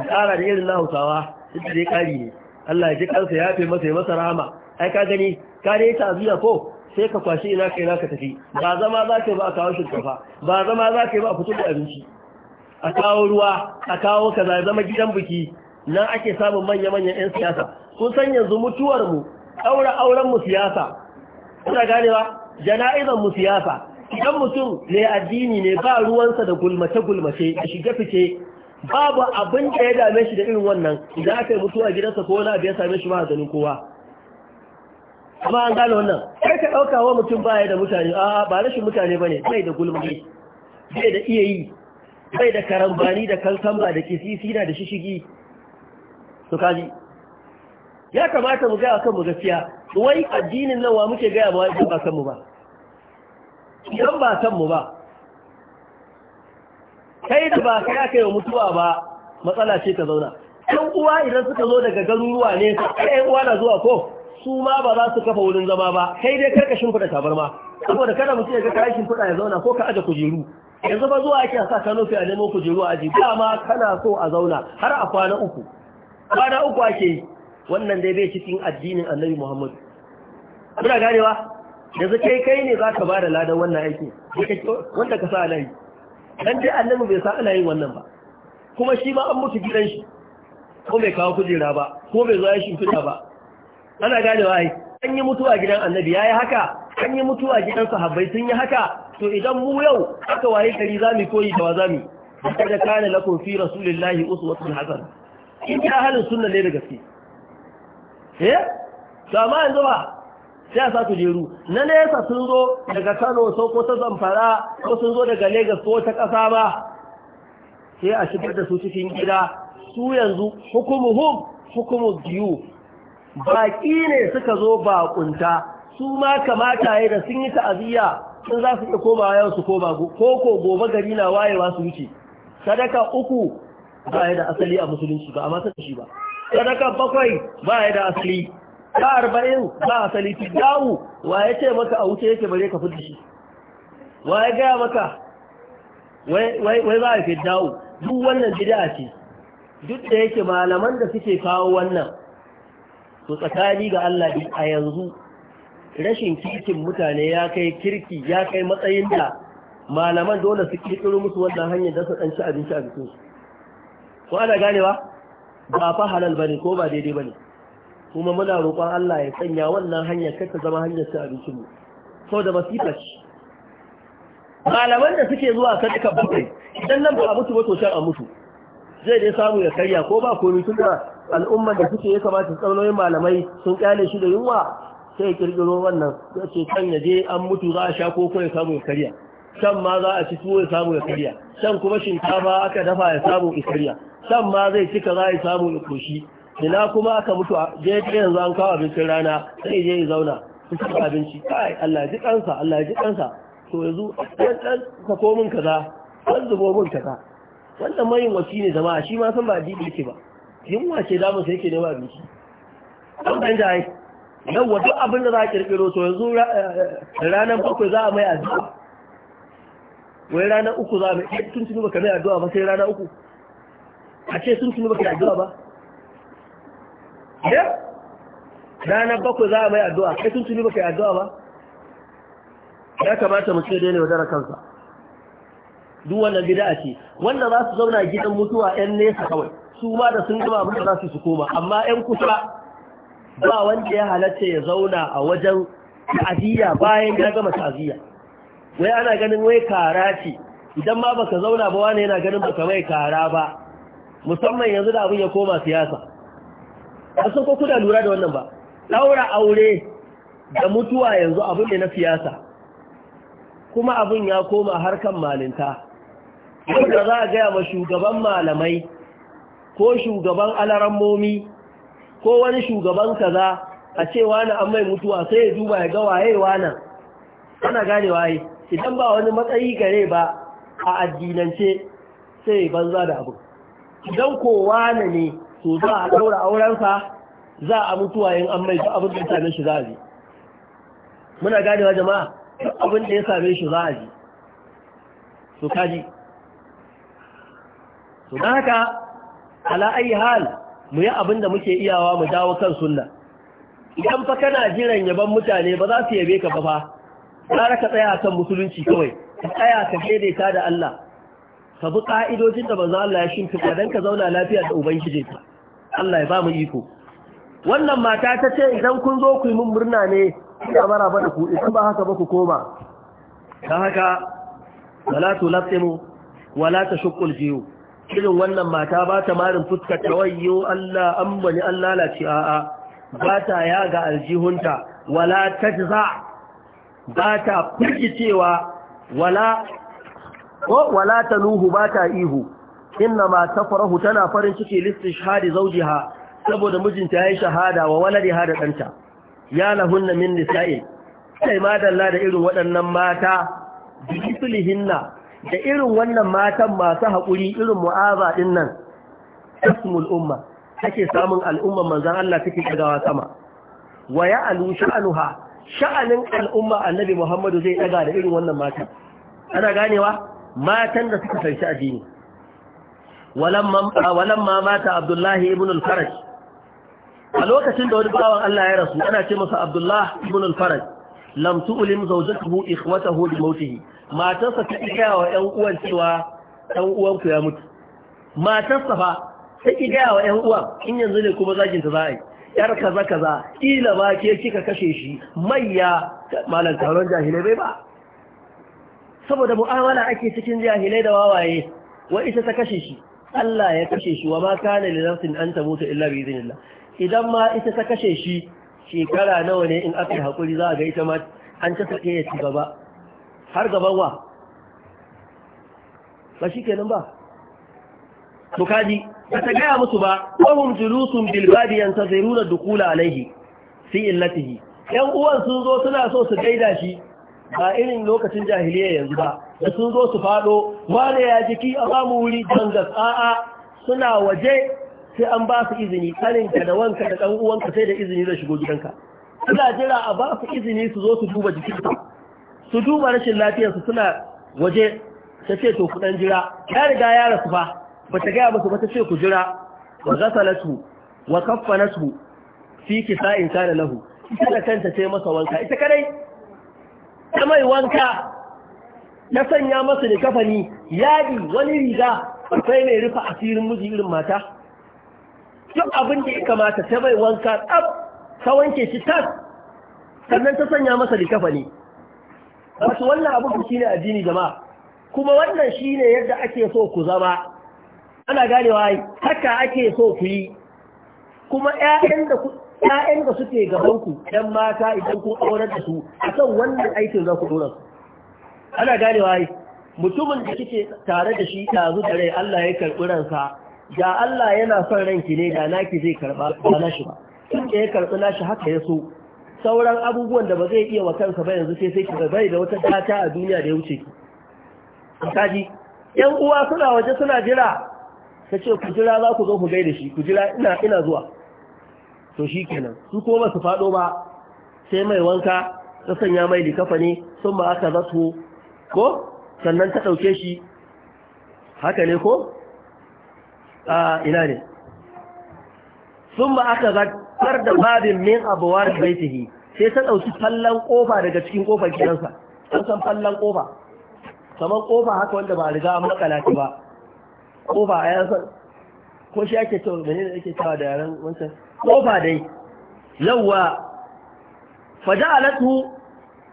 kara da irin lautawa duk dai kari ne Allah ya ji kansa ya fi masa masa rahama ai ka gani ka dai ta zuya ko sai ka kwashi ina kai naka tafi ba zama za ka ba a kawo shinkafa ba zama za ka ba a fito da abinci a kawo ruwa a kawo kaza zama gidan biki nan ake samun manya-manyan 'yan siyasa kun san yanzu mutuwar mu ɗaura auren mu siyasa gane ba, jana'izan mu siyasa idan mutum ne addini ne ba ruwansa da gulmace-gulmace da shige-fice babu abin da ya dame shi da irin wannan idan aka yi mutuwa gidansa ko wani abu ya same shi ba ganin kowa amma an gane wannan kai ka ɗauka wa mutum baya da mutane a ba rashin mutane ba ne bai da gulmace bai da iya yi bai da karambani da kankamba da kisisi na da shishigi To kaji ya kamata mu gaya kanmu gaskiya wai addinin nan wa muke gaya ba idan ba kanmu ba idan ba kanmu ba kai da ba kai aka yi mutuwa ba matsala ce ta zauna ɗan uwa idan suka zo daga garuruwa ne ɗan uwa na zuwa ko su ma ba za su kafa wurin zama ba kai dai karka shimfiɗa tabarma saboda kada mutum ya ga kayan shimfiɗa ya zauna ko ka aje kujeru yanzu ba zuwa ake sa kano a nemo kujeru a aji dama kana so a zauna har a kwana uku kwana uku ake yi wannan dai bai cikin addinin annabi Muhammad kuna ganewa yanzu kai kai ne za ka ba da ladan wannan aiki wanda ka sa ana yi dan dai annabi bai sa ana yin wannan ba kuma shi ma an mutu gidan shi ko bai kawo kujera ba ko bai zo ya shimfiɗa ba ana ganewa ai an yi mutuwa gidan annabi yayi haka an yi mutuwa gidan sahabbai sun yi haka to idan mu yau aka waye kari mu koyi da wa zamu kada kana lakum fi rasulillahi uswatun hasana in ka halin sunna ne da gaske eh to amma yanzu ba sai a sa jeru. na nesa sun zo daga Kano sau ko ta Zamfara ko sun zo daga Lagos ko ta ƙasa ba sai a shigar da su cikin gida su yanzu Hukumu hum, hukumu biyu baƙi ne suka zo baƙunta su ma kamata ya da sun yi ta'aziyya sun za su iya komawa yau su koma koko gobe gari na wayewa su wuce sadaka uku ba da asali a musulunci ba amma ta shi ba sadaka bakwai ba ya da asali ba arba'in ba asali ta dawo wa ya ce maka a wuce yake bare ka fudu shi wa ya gaya maka wai ba a fi dawo duk wannan gida ce duk da yake malaman da suke kawo wannan su tsakani ga Allah a yanzu rashin kirkin mutane ya kai kirki ya kai matsayin da malaman dole su kirkiro musu wannan hanyar da su ɗanci abinci a jikinsu Ku ko ana ganewa ba fa halal bane ko ba daidai ne? kuma muna roƙon Allah ya sanya wannan hanyar kar ta zama hanyar ta abinci mu da masifa ce malaman da suke zuwa sadaka bakwai idan nan ba a mutu ba to shan a mutu zai dai samu ya karya ko ba komi tun da al'umma da suke ya kamata tsaunoyin malamai sun kyale shi da yunwa sai ya kirkiro wannan ya ce kan ya je an mutu za a sha ko kuma ya samu ya karya can ma za a ci tuwo ya samu ya karya can kuma shinkafa aka dafa ya samu ikariya can ma zai cika za a samu ya koshi ina kuma aka mutu a jeje yanzu an kawo abincin rana sai je ya zauna su ci abinci kai Allah ya ji kansa Allah ya ji kansa to yanzu dan dan sako min kaza dan zubo min kaza wannan mai wasi ne jama'a shi ma san ba dibi yake ba yunwa ce da mu sai yake nema abinci dan dan jai yau wato abin da za a kirkiro to yanzu eh, eh, ranar bakwai za a mai azaba wai rana uku za a mai sun tuni baka mai addu'a ba sai rana uku a ce sun tuni baka addu'a ba ya eh? rana bako za a mai addu'a kai sun tuni baka addu'a ba ya kamata mu ce daina wadara kansa duk wannan a ce wanda za su zauna gidan mutuwa yan nesa kawai su ma da sun gama mutu za su su koma amma yan kusa ba wanda ya halatta ya zauna a wajen ta'aziyya bayan ya gama ta'aziyya wai ana ganin wai kara ce idan ma baka zauna ba wani yana ganin baka mai kara ba musamman yanzu da abin ya koma siyasa a sun da lura da wannan ba daura aure da mutuwa yanzu abin ne na siyasa kuma abin ya koma harkan malinta wanda za a gaya ma shugaban malamai ko shugaban alarammomi ko wani shugaban kaza a ce wani an mai mutuwa sai ya duba ya ga waye wani ana gane waye idan ba wani matsayi gare ba a addinance sai banza da abu idan kowa na ne to za a ɗaura aurensa za a mutuwa yin an mai abin da ya same shi za a ji muna ganewa jama'a abin da ya same shi za a ji to kaji to da haka ala ayi hal mu yi abin da muke iyawa mu dawo kan sunna idan fa kana jiran yaban mutane ba za su yabe ka ba fa tsara ka tsaya kan musulunci kawai ka tsaya ka daidaita da Allah ka bi ka'idojin da manzo Allah ya shimfiɗa dan ka zauna lafiya da ubangijinka Allah ya ba mu iko wannan mata ta ce idan kun zo ku yi mun murna ne ina ba da ku idan ba haka ba ku koma dan haka wala tulatimu wala tashuqqul jiyu irin wannan mata ba ta marin fuskar tawayyo Allah an bani Allah lalace a'a ba ta yaga aljihunta wala tajza ba ta firgicewa wala ko wala ba ta ihu inna ma Farahu tana farin ciki listishhadi zaujiha saboda mijinta ya yi shahada wa waladiha da danta ya lahunna min nisa'in sai madalla da irin waɗannan mata bislihinna da irin wannan matan masu haƙuri irin mu'aza dinnan, nan ismul umma take samun al'umman manzan Allah take tagawa sama wa ya'alu sha'anuha sha'anin al'umma annabi Muhammadu zai ɗaga da irin wannan matan, ana ganewa matan da suka fanshi addini walamma mata Abdullahi ibn al-Faraj a lokacin da wani bawan Allah ya rasu ana ce masa Abdullahi ibn al-Faraj lam tu'lim zawjatuhu ikhwatahu bi mawtihi matarsa ta iya wa ƴan uwan cewa ɗan ya mutu matarsa fa ta iya wa ƴan uwan in yanzu ne kuma zagin ta za a yi yar kaza kaza kila ba ke kika kashe shi manya malan taron jahilai bai ba saboda mu'amala ake cikin jahilai da wawaye wa ita ta kashe shi Allah ya kashe shi wa ma kana li nafsin an tamuta illa bi idhnillah idan ma ita ta kashe shi shekara nawa ne in aka hakuri za a ga ita ma an ta sake ya ci gaba har gaban wa ba shikenan ba to kaji ba ta gaya musu ba wahum julusun bilbadi yantaziruna dukula alaihi fi illatihi yan uwan sun zo suna so su gaida shi ba irin lokacin jahiliya yanzu ba da sun zo su fado wane ya jiki a ba mu wuri dangas a'a suna waje sai an ba su izini kaninka da wanka da ɗan uwanka sai da izini da shigo gidanka suna jira a ba su izini su zo su duba jikinsa, su duba rashin lafiyarsu suna waje ta ce to kuɗan jira ya riga ya rasu fa ba ta gaya ba ta ce ku jira wa ghasalatu wa kaffanatu fi in kana lahu ita da kanta ce masa wanka ita kadai ta mai wanka ta sanya masa da kafani yadi wani riga sai mai rufa asirin miji irin mata duk abin da ya kamata ta mai wanka tsab ta wanke shi tas sannan ta sanya masa da kafani wasu wannan abin shi ne addini jama'a kuma wannan shi ne yadda ake so ku zama ana ganewa ai haka ake so ku yi kuma ƴaƴan da suke gaban ku dan mata idan ku aurar da su a akan wannan aikin za ku dora ana ganewa ai mutumin da kike tare da shi ta da rai Allah ya karɓi ransa da Allah yana son ranki ne da naki zai karɓa ba nashi ba tun da ya karɓi nashi haka ya so sauran abubuwan da ba zai iya wa kansa ba yanzu sai sai ki bai da wata data a duniya da ya wuce ki kaji yan uwa suna waje suna jira ta ce ku jira za ku zo ku gaida shi ku jira ina ina zuwa to shi kenan su ko ba su faɗo ba sai mai wanka ta sanya mai likafa ne sun ba aka zato ko sannan ta ɗauke shi haka ne ko a ina ne sun ba aka zartar da babin min abuwar baitihi sai ta ɗauki fallon ƙofa daga cikin ƙofar gidansa an san fallon ƙofa kamar ƙofa haka wanda ba riga makala ba Ƙofa a yasan ko shi ake cewa mene ne ake cewa da yaren wancan Ƙofa dai yawwa faja'alatu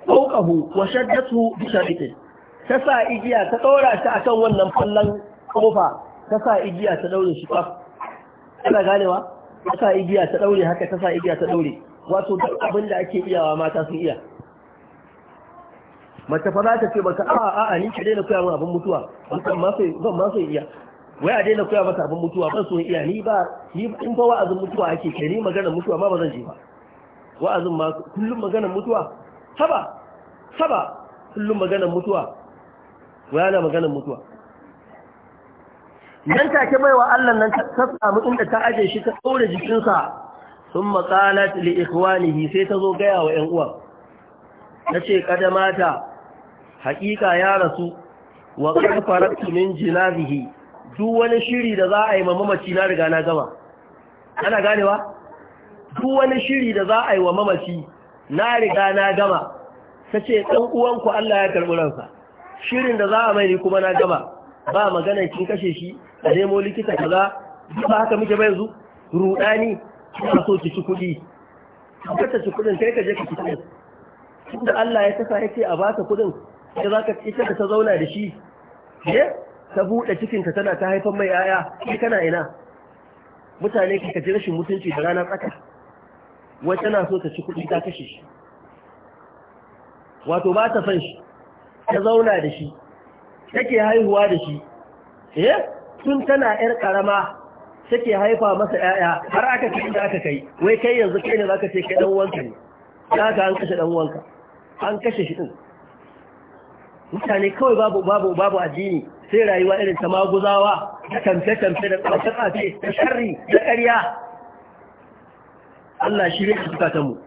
fawqahu wa shaddatu bi shadiqin ta sa igiya ta ɗora shi kan wannan fallon ƙofa. ta sa igiya ta ɗaure shi ƙaf ana ganewa ta sa igiya ta ɗaure, haka ta sa igiya ta ɗaure. wato duk abin da ake iyawa mata sun iya mace fa za ta ce baka a'a a'a ni ke daina koya min abin mutuwa ban ma sai iya wai a daina koya masa abin mutuwa ban so iya ni ba ni in fa wa'azin mutuwa ake kai ni magana mutuwa ma ba zan je ba wa'azin ma kullum magana mutuwa saba saba kullum magana mutuwa wai ana magana mutuwa nan take baiwa Allah nan ta samu inda ta aje shi ta tsore sa, sun makalat li ikhwanihi sai ta zo gaya wa ‘yan uwa nace ce kadamata haƙiƙa ya rasu wa faratu min jinabihi duk wani shiri da za a yi mamaci na riga na gama ana ganewa duk wani shiri da za a yi wa mamaci na riga na gama ta dan ɗan uwanku Allah ya karbi ransa shirin da za a mai kuma na gama ba magana kin kashe shi a nemo likita kaza ba haka muke ba yanzu rudani ka so ki ci kuɗi ka ta ci kuɗin kai ka je ka ci kudin tunda Allah ya kasa yake a baka kuɗin sai za ka ita da ta zauna da shi eh ta buɗe cikinta tana ta haifan mai yaya kai kana ina mutane ka ji rashin mutunci da ranar tsaka wai tana so ta ci kuɗi ta kashe shi wato ba ta san shi ta zauna da shi take haihuwa da shi eh tun tana yar karama take haifa masa yaya har aka kai da aka kai wai kai yanzu kai ne zaka ce kai dan uwanka ne ga an kashe dan uwanka an kashe shi din mutane kawai babu babu babu addini sai rayuwa irin ta maguzawa da tamfe-tamfe da tsafe da shari da ƙarya Allah shirya shi suka tamu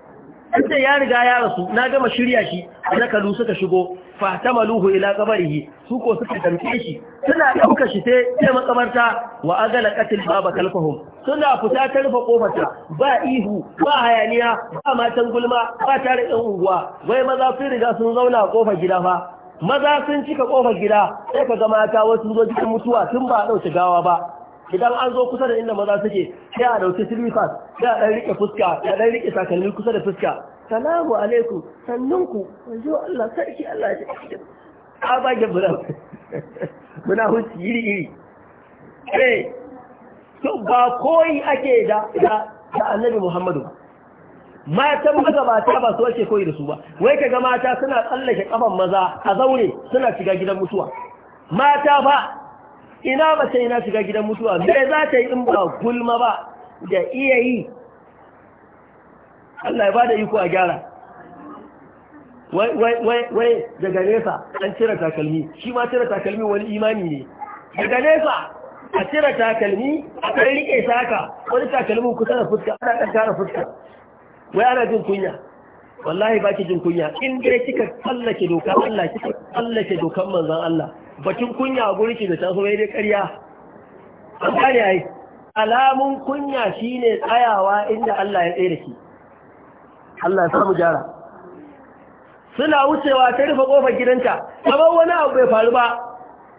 an sai ya riga ya rasu na gama shirya shi a kalu suka shigo fatama luhu ila kabarihi su ko suka tamke shi suna ɗauka shi sai sai makabarta wa agala katil baba kalfahum suna fita ta rufe kofarta ba ihu ba hayaniya ba matan gulma ba tare ɗan unguwa wai maza sun riga sun zauna a kofar gida fa maza sun cika kofar gida sai ka ga mata wasu zo cikin mutuwa tun ba a ɗauki gawa ba idan an zo kusa da inda maza suke sai a ɗauki silifas sai a ɗan riƙe fuska ya ɗan riƙe takalmi kusa da fuska salamu alaikum sannunku wanzu Allah sarki Allah ya ce a bage bura muna hutu iri iri eh to ba koyi ake da da annabi Muhammadu matan maza ba su wace koyi da su ba wai kaga mata suna tsallake kafan maza a zaune suna shiga gidan mutuwa mata ba ina mace ina shiga gidan mutuwa me za ta yi in ba gulma ba da iya yi Allah ya bada iko a gyara wai wai wai daga nesa an cire takalmi shi ma cire takalmi wani imani ne daga nesa a cire takalmi a kan rike saka wani takalmin kusa da fuska ana kan kara fuska wai ana jin kunya wallahi baki jin kunya in dai kika tsallake doka Allah kika tsallake dokan manzon Allah bakin kunya a gurin ki da taso dai ƙarya an gane ai alamun kunya shine tsayawa inda Allah ya tsere ki. Allah ya samu jara suna wucewa ta rufe kofar gidanta kamar wani abu bai faru ba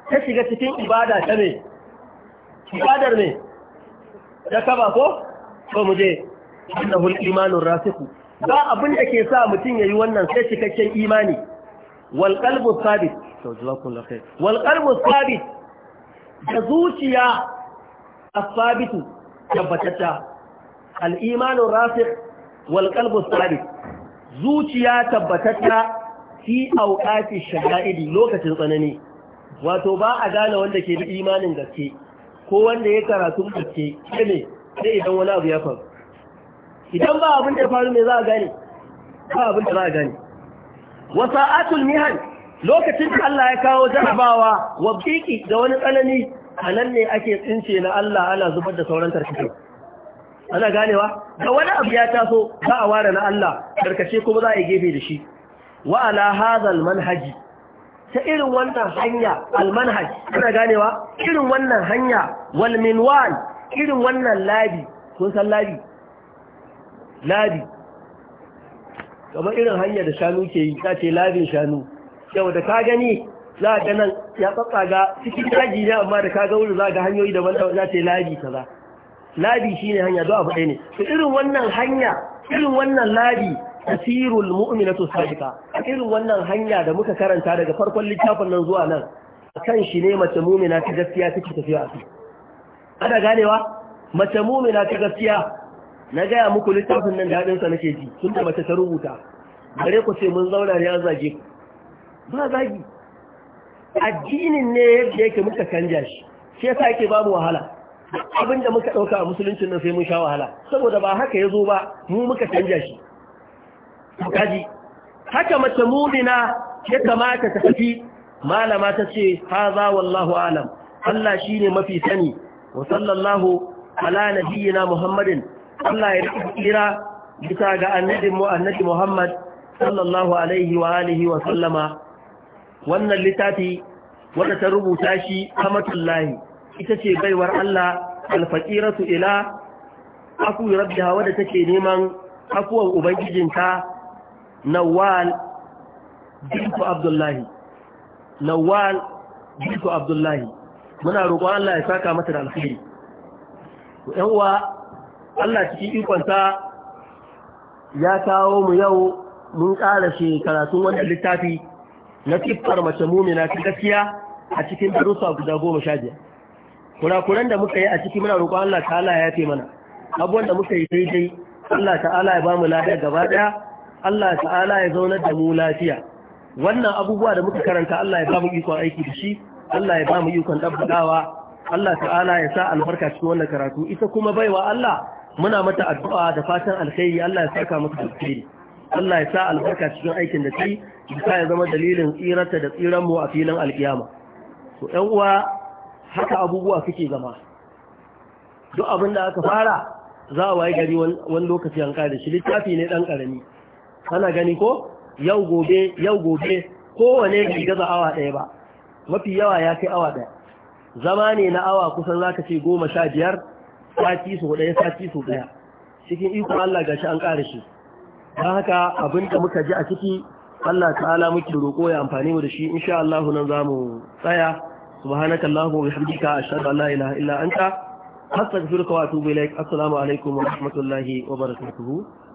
ta shiga cikin ibada ta me ibadar me da kaba ko ko mu je annahu al imanun rasikh ba abin da ke sa mutum ya yi wannan sai cikakken imani wal qalbu thabit to jazakum khair wal qalbu thabit da zuciya as-sabitu tabbatata al-imanur rasikh wal qalbu thabit zuciya tabbatata fi auqati shada'idi lokacin tsanani wato ba a gane wanda ke da imanin gaske ko wanda ya karatu gaske ne sai idan wani abu ya faru idan ba abin da faru mai za a gane ba abin da za a gane wasa'atul mihan lokacin da Allah ya kawo jarabawa wa biki da wani tsanani a nan ne ake tsince na Allah ana zubar da sauran tarkace ana ganewa da wani abu ya taso za a ware na Allah tarkace kuma za a yi gefe da shi wa ala manhaji ta irin wannan hanya almanhaj ana ganewa irin wannan hanya wal minwal irin wannan labi kun san labi labi kamar irin hanyar da shanu ke yi ta ce labin shanu yau da ka gani za ka nan ya tsatsa ga cikin daji ne amma da ka ga wuri za ga hanyoyi daban da za ce labi kaza labi ne hanya zuwa faɗe ne to irin wannan hanya irin wannan labi asirul mu'minatu sadiqa irin wannan hanya da muka karanta daga farkon littafin nan zuwa nan a kan shi ne mace mumina ta gaskiya take tafiya a ana ganewa mace mumina ta gaskiya na gaya muku littafin nan daɗinsa nake ji sun da mace ta rubuta bare ku ce mun zauna ne an zage ku ba zagi addinin ne yadda yake muka canja shi shi yasa yake babu wahala abin da muka ɗauka a musuluncin nan sai mun sha wahala saboda ba haka ya zo ba mu muka canja shi kaji haka mace mumina ya kamata ta tafi malama ta ce haza wallahu alam Allah shine mafi sani wa sallallahu ala nabiyyina muhammadin Allah ya riƙi tsira bisa ga annabi mu annabi Muhammad sallallahu alaihi wa alihi wa sallama wannan litafi wanda ta rubuta shi Hamatullahi ita ce baiwar Allah alfaqiratu ila aku rabbiha wanda take neman akuwan ubangijinta Nawal bintu Abdullahi Nawal bintu Abdullahi muna roƙon Allah ya saka mata da alkhairi to uwa Allah cikin ikonsa ya kawo mu yau mun ƙara karatun wanda littafi na siffar mace mumina ta gaskiya a cikin darussa guda goma sha biyar. Kurakuran da muka yi a ciki muna roƙon Allah ta'ala ya yafe mana, abubuwan da muka yi daidai Allah ta'ala ya ba mu lafiya gaba ɗaya, Allah ta'ala ya zaunar da mu lafiya. Wannan abubuwa da muka karanta Allah ya ba mu ikon aiki da shi, Allah ya ba mu ikon ɗabbaɗawa, Allah ta'ala ya sa albarka cikin wannan karatu, ita kuma baiwa Allah muna mata addu'a da fatan alkhairi Allah ya saka mata alkhairi Allah ya sa albarka cikin aikin da kai bisa ya zama dalilin tsirarta da tsiran mu a filin alkiyama to uwa haka abubuwa suke zama duk abin da aka fara za a waye gari wani lokaci an kare shi littafi ne dan karami kana gani ko yau gobe yau gobe kowane bai gaza awa ɗaya ba mafi yawa ya kai awa ɗaya zama ne na awa kusan za ka ce goma sha biyar sati sau ɗaya sati su ɗaya cikin iko Allah gashi an ƙara shi don haka abin da muka ji a ciki Allah ta'ala muke roƙo ya amfani mu da shi insha Allah nan zamu tsaya subhanakallahumma wa bihamdika ashhadu an la ilaha illa anta astaghfiruka wa atubu ilaik assalamu alaikum wa rahmatullahi wa barakatuh